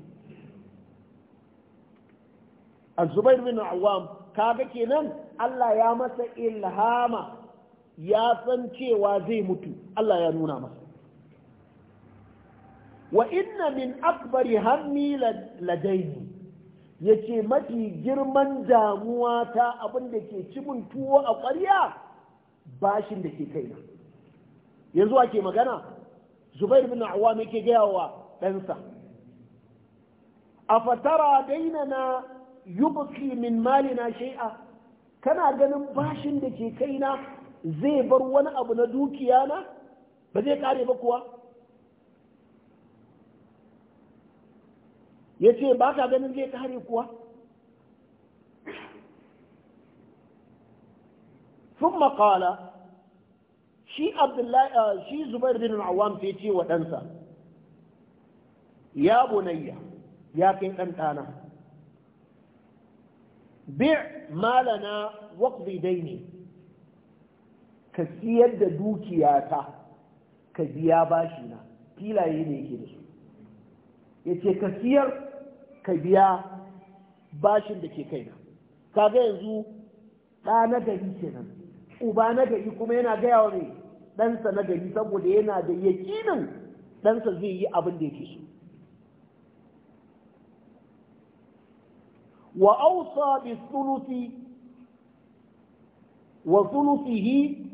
az bin awam kaga kenan Allah ya masa ilhama ya san cewa zai mutu Allah ya nuna masa wa inna min akbari hammi ladaini ya mafi girman damuwa ta abin da ke cibin tuwo a ƙwarya bashin da ke kaina yanzu ake magana zubair bin awam yake gaya wa ɗansa a fatara daina na yubki min malina shai'a kana ganin bashin da ke kaina zai bar wani abu na dukiya na ba zai kare ba kuwa ya ce ba ka ganin zai kare kuwa sun makawala shi ah, zubar din al'awam fi wa ɗansa ya bunayya ya kai ɗanɗana bi malana dai ne ka siyar da dukiyata ka biya bashi na filaye ne yake da su ya ce ka siyar ka biya bashin da ke kai na, kaga yanzu ɗa na gari nan, uba na gari kuma yana gaya wa ɗansa na gari saboda yana da yakinin ɗansa zai yi abin da yake so wa ausa bi thuluthi wa thuluthihi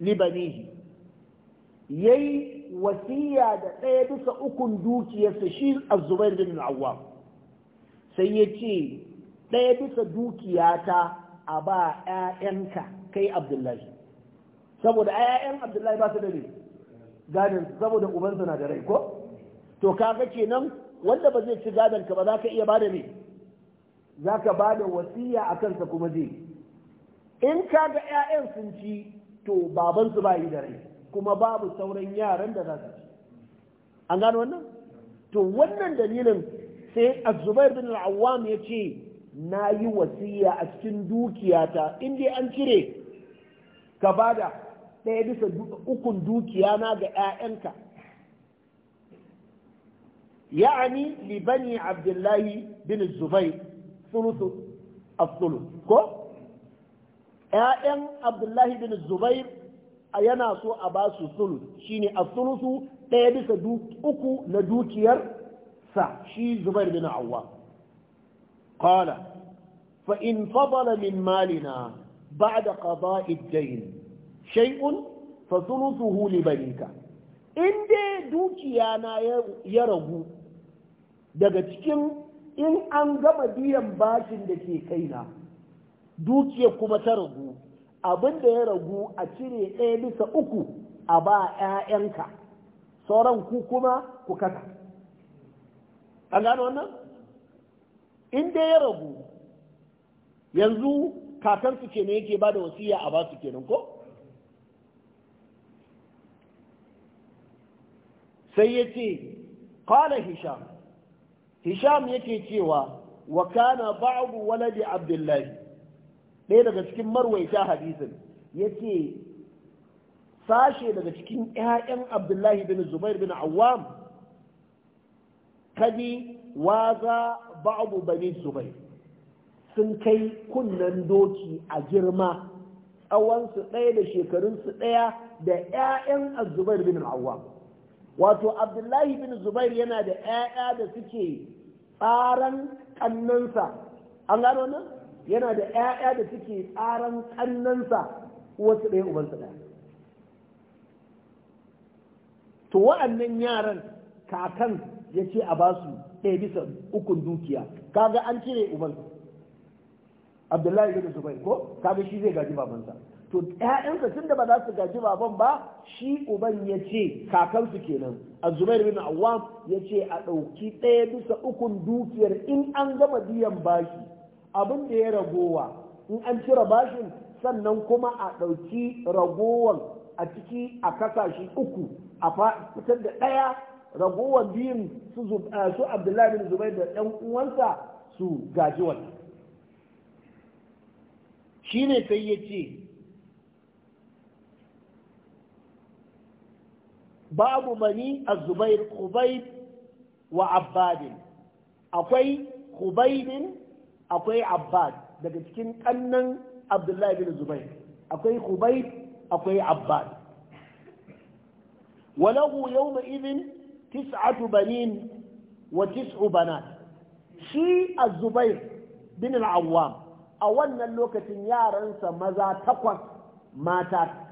libanihi yayi wasiya da ɗaya bisa ukun dukiyarsa shi a zubair bin al sai ya ce ɗaya bisa dukiyata a ba ƴaƴanka kai abdullahi saboda ƴaƴan abdullahi ba su da ne gadon saboda ubansa na da rai ko to kaga kenan wanda ba zai ci gadon ka ba za ka iya ba da ne za ka bada wasiya a kansa kuma zai in kaga ƴaƴan sun ci to babansu ba yi da rai kuma babu sauran yaran da za su ci an gano wannan to wannan dalilin sai azubair bin al'awam ya ce na yi wasiya a cikin dukiyata in dai an cire ka bada ɗaya bisa ukun dukiya na ga 'ya'yanka ya'ani libani abdullahi bin zubair sulusu a ko ‘ya'yan abdullahi bin zubair yana so a ba su sulu shi ne a sulusu ɗaya bisa uku na dukiyar sa shi zubair bin awwa Kala, fa in min malina ba'da qada'i ad-dayn shay'un fa thuluthuhu li banika in dai dukiya na ya ragu daga cikin in an gama biyan bashin da ke kaina dukiyar kuma ta ragu abin da ya ragu a cire ɗaya bisa uku a ba ‘ya'yanka sauran ku kuma ku kasa an gano wannan inda ya ragu yanzu kakansu ke ne yake ba da wasiya a ba su kenan ko sai ya ce kwana hisham hisham yake cewa wa kana ba'abu waladi abdullahi ɗaya daga cikin marwaita hadisin yace sashe daga cikin ƴaƴan Abdullahi bin Zubair bin Awwam kadi waza ba'du bani Zubair sun kai kunnen doki a girma tsawonsu ɗaya da shekarunsu ɗaya da 'ya'yan azubair bin awwam wato abdullahi bin zubair yana da 'ya'ya da suke tsaran ƙannansa an gano nan yana da ƴaƴa da suke tsaran kannansa wasu ɗaya ubansa ɗaya to wa'annan yaran kakan ya ce a basu ɗaya bisa ukun dukiya kaga an cire ubansa abdullahi bin Zubai ko kaga shi zai gaji babansa to ƴaƴansa tun da ba za su gaji baban ba shi uban ya ce kakansu kenan a zubair bin Awam ya ce a ɗauki ɗaya bisa ukun dukiyar in an gama biyan bashi abin da ya ragowa in an cire bashin sannan kuma a ɗauki ragowar a ciki a kasashe uku a fitar da ɗaya ragowar biyun su eh, abdullahi bin zubai da ɗan uwansa su gaji wannan shi ne sai ya ce babu bani a zubair kubai wa abbadin akwai kubaidin akwai abbas daga cikin kannan abdullahi bin zubair akwai hubayb akwai abbas walahu yawma izin tis'atu banin wa tis'u banat shi a zubair bin al a wannan lokacin yaransa maza takwas mata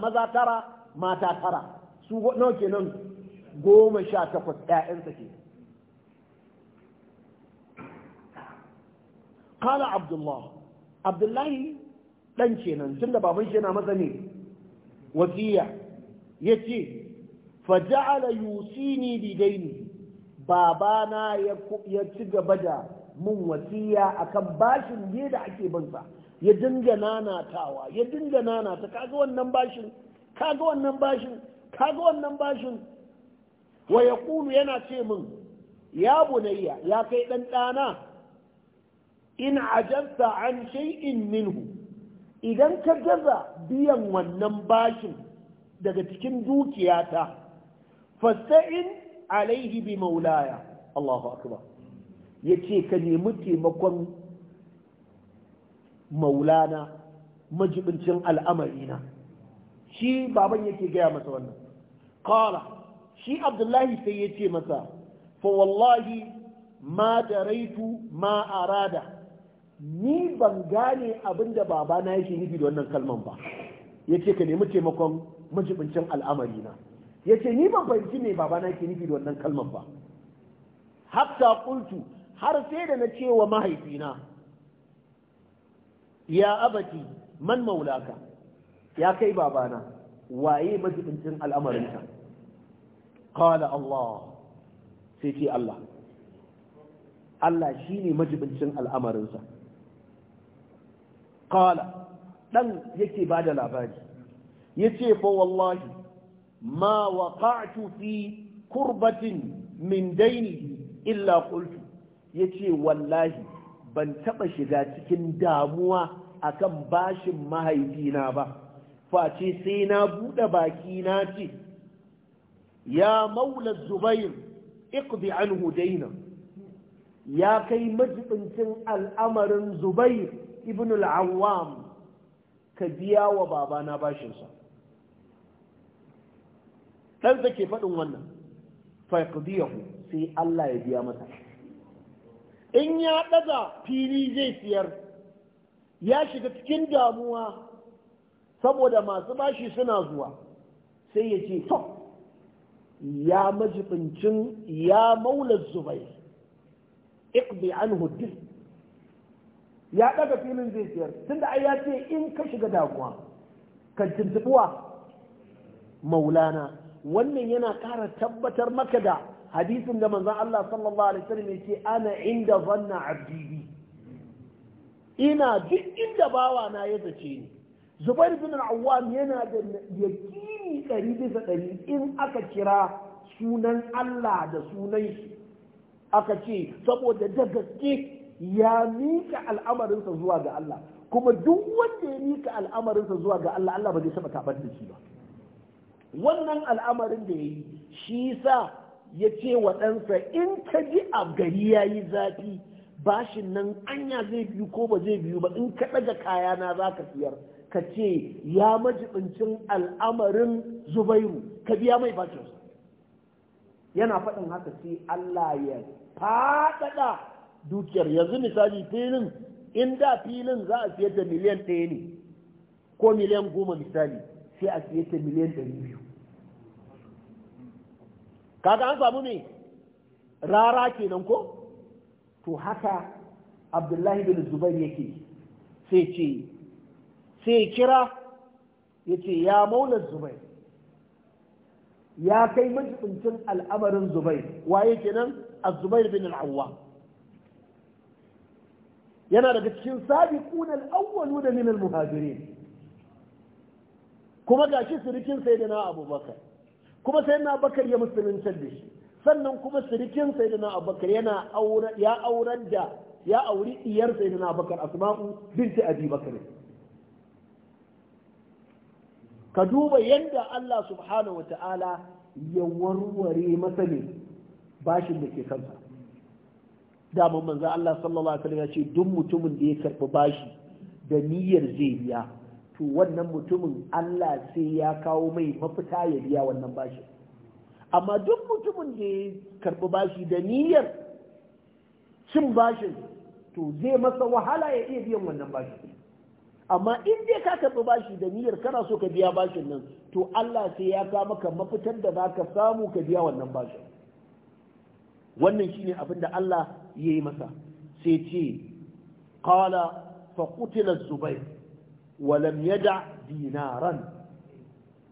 maza tara mata tara su nawa kenan goma sha takwas ƴaƴansa ke. kala abdullah abdullahi dan kenan tunda baban shi yana masa ne wasiya yace fa ja'ala yusini bi daini babana ya ci gaba da mun wasiya akan bashin ne da ake bansa ya dinga nanatawa ya dinga nanata kaga wannan bashin kaga wannan bashin kaga wannan bashin wa yaqulu yana ce min ya bunayya ya kai dan dana in ajabta an shay'in minhu idan ka gaza biyan wannan bashin daga cikin dukiyata fasta'in alaihi bi maulaya Allahu akbar yace ka nemi taimakon maulana majibincin al'amarina shi baban yake gaya masa wannan qala shi abdullahi sai ya ce masa fa wallahi ma daraitu ma arada ni ban gane abin da babana yake nufi da wannan kalman ba ce ka nemi taimakon majibincin al'amari na ce ni ban fahimci me babana yake nufi da wannan kalman ba hatta kultu har sai da na ce wa mahaifina ya abati man maulaka ya kai babana waye majibincin al'amarinka qala Allah sai ce Allah Allah shine majibincin al'amarinsa kala dan yake bada labari yace fa wallahi ma waqa'tu fi kurbatin min daini illa qultu yace wallahi ban taɓa shiga cikin damuwa akan bashin mahaifina ba face sai na bude baki na ce ya maula zubair iqdi anhu daina ya kai majibincin al'amarin zubair Ibnul al ka biya wa babana bashinsa ɗansa ke faɗin wannan faiƙudiyahu sai Allah ya biya mata in ya ɗaga fili zai siyar ya shiga cikin damuwa saboda masu bashi suna zuwa sai ya ce to ya majibincin ya maula zubai iqdi anhu ya daga filin zai siyar tunda ai ya ce in ka shiga damuwa kan tuntubuwa maulana wannan yana ƙara tabbatar maka da hadisin da manzon Allah sallallahu alaihi wasallam yace ana inda zanna abdi ina duk inda bawa na ya zace ni Zubair bin Awwam yana da yakini ɗari bisa ɗari in aka kira sunan Allah da sunan shi aka ce saboda da gaske ya mika al'amarinsa zuwa ga Allah kuma duk wanda ya mika al'amarinsa zuwa ga Allah Allah ba zai taba tabar da shi ba wannan al'amarin da ya yi shi sa ya ce wa ɗansa in ka ji a gari ya yi zafi bashin nan anya zai biyu ko ba zai biyu ba in ka ɗaga na za ka siyar ka ce ya majibincin al'amarin zubairu ka biya mai bakinsa yana faɗin haka sai Allah ya faɗaɗa dukiyar yanzu misali filin in da filin za a siyar da miliyan ɗaya ne ko miliyan goma misali sai a siyar da miliyan ɗari biyu kaga an samu ne rara kenan ko to haka abdullahi bin zubair yake sai ce sai kira ya ce ya maula zubair ya kai majibincin al'amarin zubair waye kenan a zubair bin al'awwa yana daga cikin sabiqun al-awwaluna min al-muhajirin kuma ga shi sirikin sayyidina abubakar kuma sayyidina bakar ya musulunta da shi sannan kuma sirikin sayyidina abubakar yana aure ya auren da ya auri iyar sayyidina abubakar asma'u binti abi bakar ka duba yadda Allah subhanahu wata'ala ya warware masa ne bashin da ke kansa dama manzo Allah sallallahu alaihi ya ce duk mutumin da ya karɓi bashi da niyyar zai biya to wannan mutumin Allah sai ya kawo mai mafita ya biya wannan bashi amma duk mutumin da ya karɓi bashi da niyyar cin bashin to zai masa wahala ya iya biyan wannan bashin amma in dai ka karɓi bashi da niyyar kana so ka biya bashin nan to Allah sai ya kawo maka mafitar da za ka samu ka biya wannan bashin wannan shine abin da Allah ya yi masa sai ce qala fa qutila zubair wa yada dinaran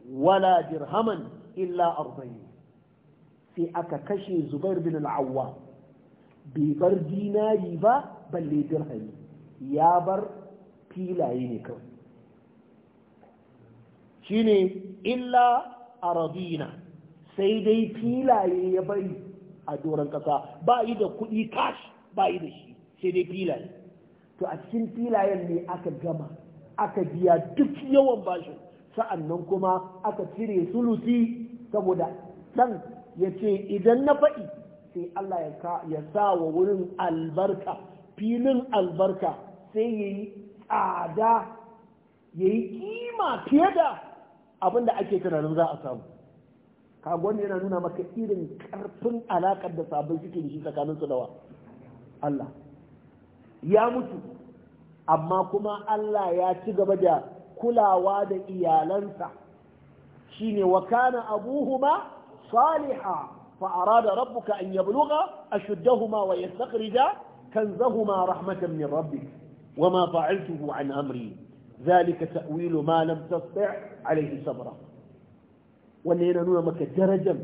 wala dirhaman illa arba'in sai aka kashe zubair bin al bai bar dinari ba balle dirhami ya bar filaye ne kawai shine illa aradina sai dai filaye ya bari a doron kasa ba yi da kuɗi cash ba yi da shi sai dai filaye to a cikin filayen ne aka gama aka biya duk yawan bashin sa'annan kuma aka cire sulusi saboda dan ya ce idan na faɗi sai Allah ya sa wa wurin albarka filin albarka sai ya yi tsada ya yi kima fiye da abin da ake tunanin za a samu kaga wannan yana nuna maka irin karfin alakar da sabai suke da shi tsakanin su dawa Allah ya mutu amma kuma Allah ya ci gaba da kulawa da iyalansa shine wa kana abuhuma saliha fa arada rabbuka an yablugha ashuddahuma wa yastakhrija kanzahuma rahmatan min rabbik wama fa'altuhu an amri ذلك تأويل ما لم تستطع عليه صبرا wanda yana nuna maka darajar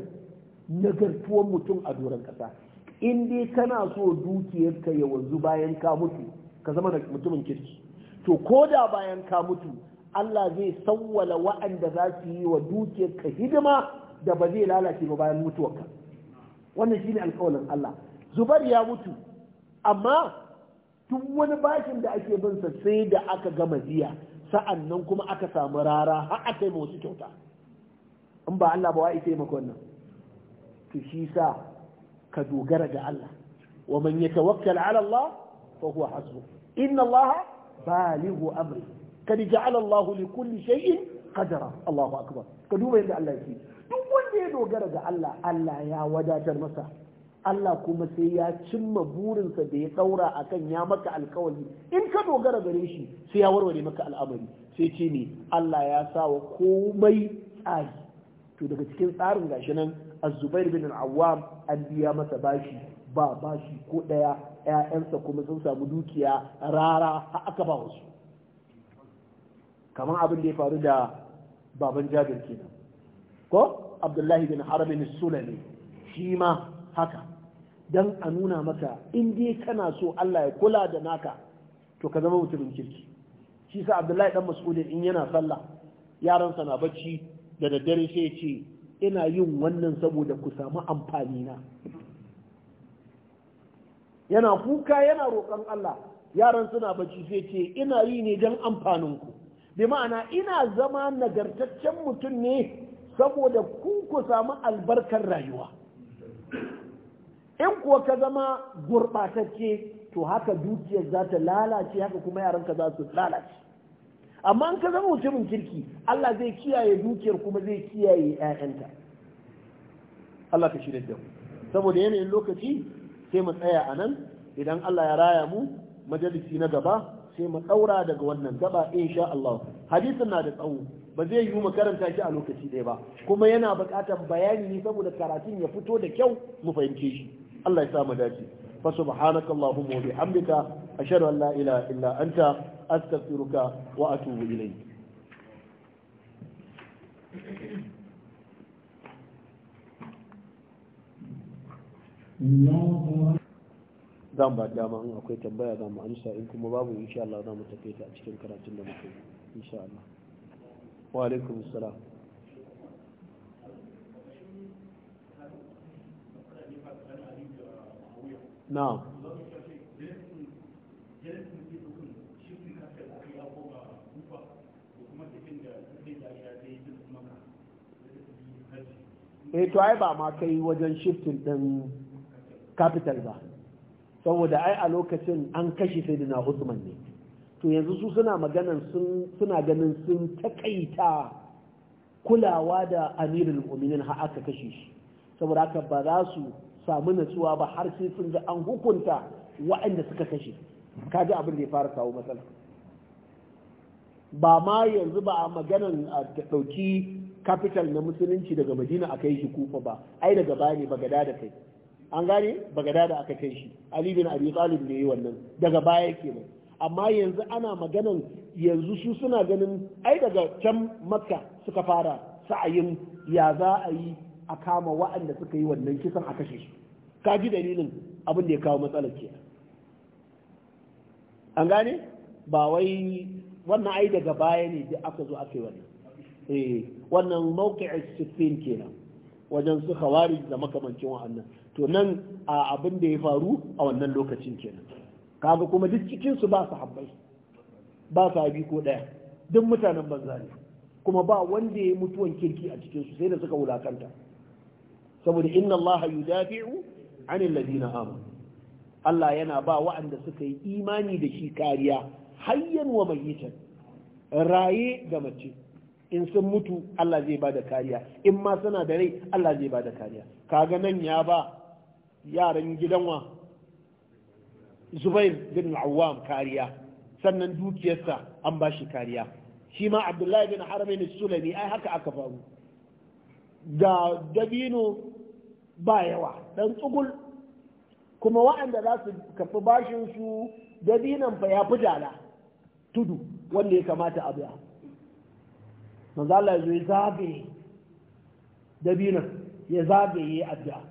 nagartuwan mutum a doron ƙasa in dai kana so dukiyarka ya wanzu bayan ka mutu ka zama da mutumin kirki to ko da bayan ka mutu Allah zai sawwala wa'anda za su yi wa dukiyarka hidima da ba zai lalace ba bayan mutuwarka wannan ne alkawalin Allah Zubar ya mutu amma tun wani bashin da ake bin sai da aka gama sa'an sa'annan kuma aka samu rara har aka yi wasu kyauta in ba Allah ba wa ita maka wannan to shi sa ka dogara ga Allah wa man yatawakkal ala Allah fa huwa hasbu inna Allah balighu amri kad ja'ala Allah li kulli shay'in qadara Allahu akbar ka duba yadda Allah yake duk wanda ya dogara ga Allah Allah ya wadatar masa Allah kuma sai ya cimma burinsa da ya daura akan ya maka alkawari in ka dogara gare shi sai ya warware maka al'amari sai ce ne Allah ya sa wa komai tsari to daga cikin tsarin gashi nan azubair bin al-awwam an biya masa bashi ba bashi ko daya ƴaƴansa kuma sun samu dukiya rara har aka ba wasu kamar abin da ya faru da baban jabir kenan ko abdullahi bin harabin sulami shi ma haka dan a nuna maka in dai kana so Allah ya kula da naka to ka zama mutumin kirki shi sa abdullahi dan mas'udin in yana sallah yaransa na bacci da daddare sai ce ina yin wannan saboda ku samu amfani na yana kuka yana roƙon Allah yaran suna bacci sai ce ina yi ne don amfaninku bi ma'ana ina zama nagartaccen mutum ne saboda ku ku samu albarkar rayuwa in kuwa ka zama gurɓatacce to haka dukiyar za ta lalace haka kuma yaranka za su lalace amma in ka zama mutumin kirki Allah zai kiyaye dukiyar kuma zai kiyaye ƴaƴanta Allah ka shirye da mu saboda yanayin lokaci sai mu tsaya a nan idan Allah ya raya mu majalisi na gaba sai mu ɗaura daga wannan gaba insha Allah hadisin na da tsawo ba zai yi mu karanta shi a lokaci ɗaya ba kuma yana buƙatar bayani ne saboda karatun ya fito da kyau mu fahimce shi Allah ya sa mu dace fa subhanakallahumma wa bihamdika ashhadu an la ilaha illa anta astaghfiruka wa atubu ilayk zan ba dama in akwai tambaya za mu amsa in kuma babu insha Allah za mu tafi ta a cikin karatun da muke insha Allah wa alaikum assalam na'am eh to ai ba ma kai wajen shiftin din capital ba saboda ai a lokacin an kashe sayyidina Usman ne to yanzu su suna maganan sun suna ganin sun takaita kulawa da amirul mu'minin har aka kashe shi saboda haka ba za su samu natsuwa ba har sai sun ga an hukunta waɗanda suka kashe kaji abin da ya fara kawo matsala ba ma yanzu ba a maganan a ɗauki capital na musulunci daga madina a kai shi kufa ba ai daga bani bagada da kai an gane bagada da aka kai shi ali bin abi talib ne wannan daga baya kenan amma yanzu ana maganan yanzu su suna ganin ai daga can makka suka fara sa'ayin ya za a yi a kama wa'anda suka yi wannan kisan a kashe shi ka ji dalilin abin da ya kawo matsalar ke an gane ba wai wannan ai daga baya ne da aka zo aka yi wannan eh wannan mawqi'is sittin kenan wajen su khawarij da makamancin wa'annan to nan a abin da ya faru a wannan lokacin kenan kaga kuma duk cikin su ba sahabbai ba sahabi ko daya duk mutanen banza ne kuma ba wanda ya mutuwan kirki a cikin su sai da suka wulakanta saboda inna Allah yudafi'u 'anil ladina amanu Allah yana ba wa'anda suka yi imani da shi kariya hayyan wa mayyitan raye da mace in sun mutu Allah zai bada kariya in ma suna da rai Allah zai bada kariya kaga nan ya ba yaran gidanwa Zubair bin Awwam kariya sannan dukiyarsa an ba shi kariya shi ma Abdullahi bin Haramain Sulami ai haka aka faru da dabino ba yawa dan tsugul kuma waɗanda za su kafi bashin su dabinan fa ya fi jala tudu wanda ya kamata a biya manzo Allah ya zo ya zabe dabinan ya zabe yi addu'a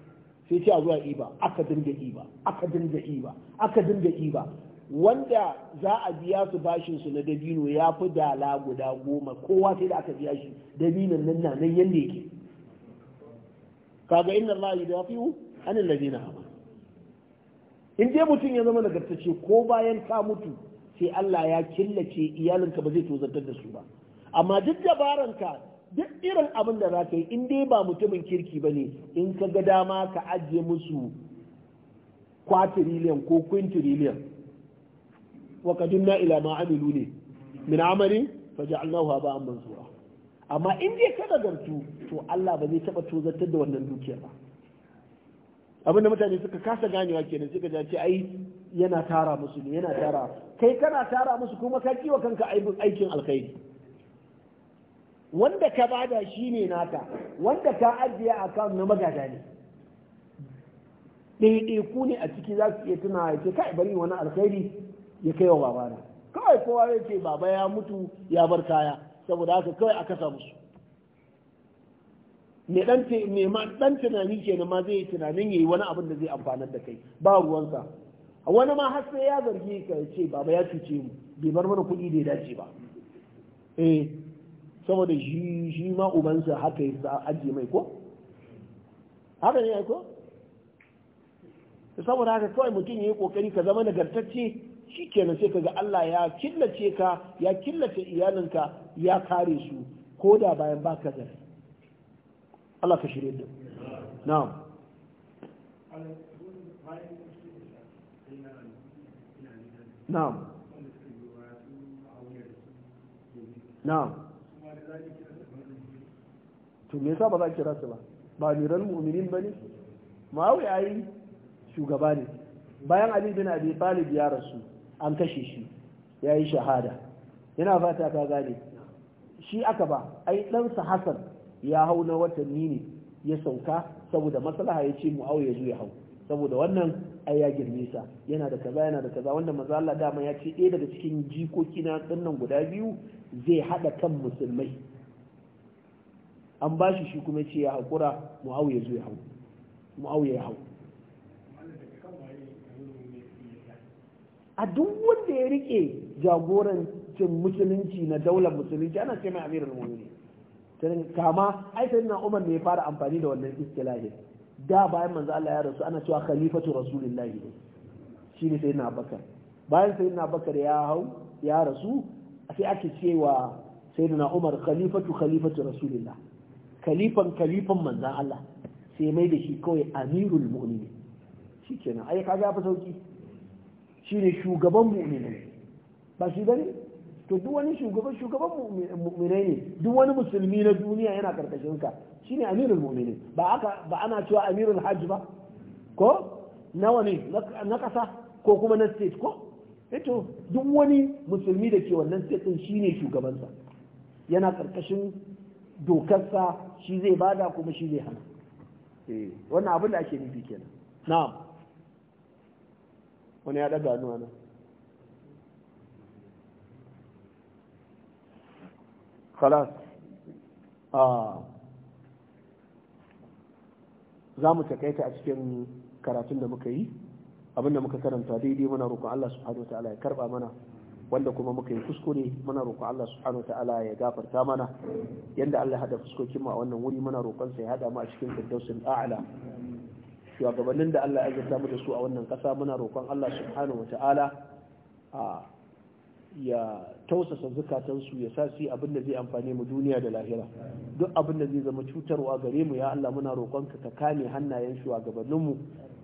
sai ce a zuwa iba aka dinga iba aka dinga iba aka dinga iba wanda za a biya su bashin su na dabino ya fi dala guda goma kowa sai da aka biya shi dabinan nan na nan yanda yake kaga inna Allah yudafi'u anil ladina amanu in dai mutum ya zama nagartacce ko bayan ka mutu sai Allah ya killace iyalinka ba zai tozartar da su ba amma duk dabaranka duk irin abin da za ka yi in dai ba mutumin kirki ba ne in ka ga dama ka ajiye musu kwatiriliyan ko kwintiriliyan wa kadunna ila ma amilu ne min amari fa ja'alnahu ba an mansura amma in dai ka nagartu to Allah ba zai taba tozartar da wannan dukiyar ba abin da mutane suka kasa ganewa kenan suka ce ai yana tara musu ne yana tara kai kana tara musu kuma ka kiwa kanka aikin alkhairi wanda ka bada shi ne naka wanda ka ajiye kan na magada ne ku ne a ciki za su iya tuna ya ce kai bari wani alkhairi ya kai wa babana kawai kowa ya ce baba ya mutu ya bar kaya saboda haka kawai aka samu su me dan tunani kenan ma zai tunanin yayi wani abin da zai amfanar da kai ba ruwansa wani ma har sai ya zarge ka ce baba ya cuce mu bai bar mana kuɗi da ya dace ba eh saboda shi ma ubansa haka ya sa ajiye mai ko haka ne ko saboda haka kawai mutum ya yi kokari ka zama nagartacce shi kenan sai ga Allah ya killace ka ya killace iyalinka ya kare su ko da bayan baka da Allah ka shirye da na'am na'am na'am to me yasa ba za a kira su ba ba miran mu'minin ba ne ma'awiya ai shugaba ne bayan ali bin abi talib ya rasu an kashe shi ya yi shahada ina fata ka gane shi aka ba ai ɗansa hassan ya hau na watanni ne ya sauka saboda maslaha ya ce mu'awiya ya zo ya hau saboda wannan ai ya girme sa yana da kaza yana da kaza wanda Maza Allah dama ya ce ɗaya daga cikin jikoki na ɗannan guda biyu zai hada kan musulmai an ba shi shi kuma ce ya haƙura mu'awiyar zuwa hau mu'awiyar hau a duk wanda ya rike jagorancin musulunci na daular musulunci ana ce mai amirul mu'mini kama Aisha na umar ne ya fara amfani da wannan istilahi da bayan manzo Allah ya rasu ana cewa khalifatu rasulillahi ne sayyidina sai bakar bayan sai na bakar ya hau ya rasu sai ake cewa sayyidina Umar khalifatu khalifatu rasulillah khalifan khalifan manzan Allah sai mai da shi kawai amirul mu'minin shikenan ai kaga fa sauki shine shugaban mu'minin ba shi bane to duk wani shugaban shugaban mu'minai ne duk wani musulmi na duniya yana karkashin ka shine amirul mu'minin ba aka ba ana cewa amirul hajj ba ko nawa ne na kasa ko kuma na state ko eto eh duk wani musulmi da ke wannan state shine shugabansa yana karkashin dokarsa shi zai bada kuma shi zai hana eh wannan abin da ake nufi kenan na'am wani ya daga hannu nan خلاص آه. Ah. za mu takaita a cikin karatun da muka yi abinda muka karanta daidai muna roƙon Allah subhanahu wataala ya karba mana wanda kuma muka yi kuskure muna roƙon Allah subhanahu wataala ya gafarta mana yanda Allah ya hada fuskokin mu a wannan wuri muna roƙon sa ya hada mu a cikin firdausul a'la shugabannin da Allah ya azurta mu da su a wannan ƙasa muna roƙon Allah subhanahu wataala a ya tausasa zukatansu ya sa su abin da zai amfani mu duniya da lahira duk abin da zai zama cutarwa gare mu ya Allah muna roƙonka ka kame hannayen shugabanninmu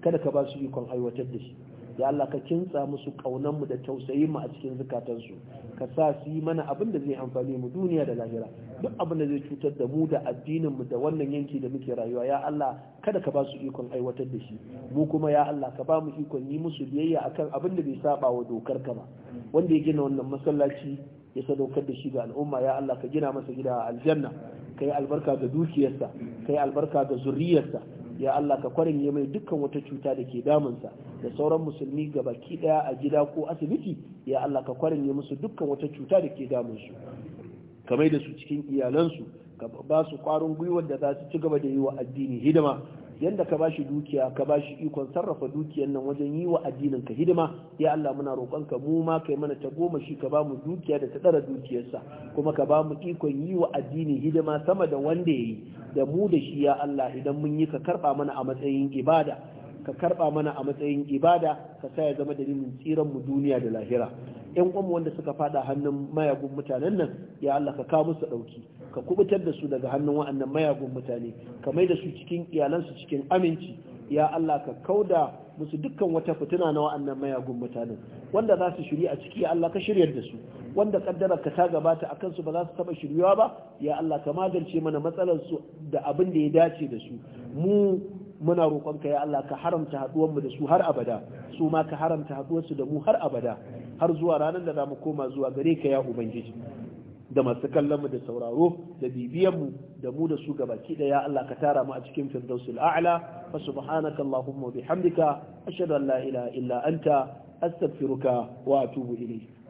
kada ka ba su ikon aiwatar da shi ya Allah ka kinsa musu kaunan mu da tausayin mu a cikin zukatansu ka sa su yi mana abin da zai amfani mu duniya da lahira duk abin da zai cutar da mu da addinin mu da wannan yanki da muke rayuwa ya Allah kada ka ba su ikon aiwatar da shi mu kuma ya Allah ka ba mu ikon yi musu biyayya akan abin da bai saba wa dokar ka ba wanda ya gina wannan masallaci ya sadaukar da shi ga al'umma ya Allah ka gina masa gida a aljanna kai albarka ga dukiyarsa kai albarka ga zuriyarsa ya Allah ka kwarin ya mai dukkan wata cuta da ke damunsa da sauran musulmi ga baki daya a gida ko asibiti ya Allah ka kwarin ya musu dukkan wata cuta da ke damunsu kamar da su cikin iyalansu ka ba su kwarin gwiwar da za su ci gaba da yi wa addini hidima Yadda ka bashi dukiya ka bashi ikon sarrafa dukiyar nan wajen yi wa addinin ka hidima ya Allah muna roƙonka mu ma kai mana ta goma shi ka bamu dukiya da ta dara dukiyarsa kuma ka bamu ikon yi wa addini hidima sama da wanda yayi da mu da shi ya Allah idan mun yi ka karɓa mana a matsayin ibada ka karba mana a matsayin ibada ka sa ya zama dalilin tsiran mu duniya da lahira yan uwan wanda suka fada hannun mayagun mutanen nan ya Allah ka kawo musu dauki ka kubutar da su daga hannun wa'annan mayagun mutane ka mai da su cikin iyalansu cikin aminci ya Allah ka kauda musu dukkan wata fitina na wa'annan mayagun mutanen wanda za su shiri a ciki ya Allah ka shiryar da su wanda kaddara ka ta gabata akan su ba za su taba shiryuwa ba ya Allah ka magance mana matsalar su da abin da ya dace da su mu muna roƙonka ya Allah ka haramta haɗuwanmu da su har abada su ma ka haramta haɗuwarsu da mu har abada har zuwa ranar da za mu koma zuwa gare ka ya ubangiji da masu kallonmu da sauraro da bibiyanmu da mu da su gabaki da ya Allah ka tara mu a cikin firdausul a'la fa subhanaka allahumma bihamdika ashhadu an la ilaha illa anta astaghfiruka wa atubu ilayk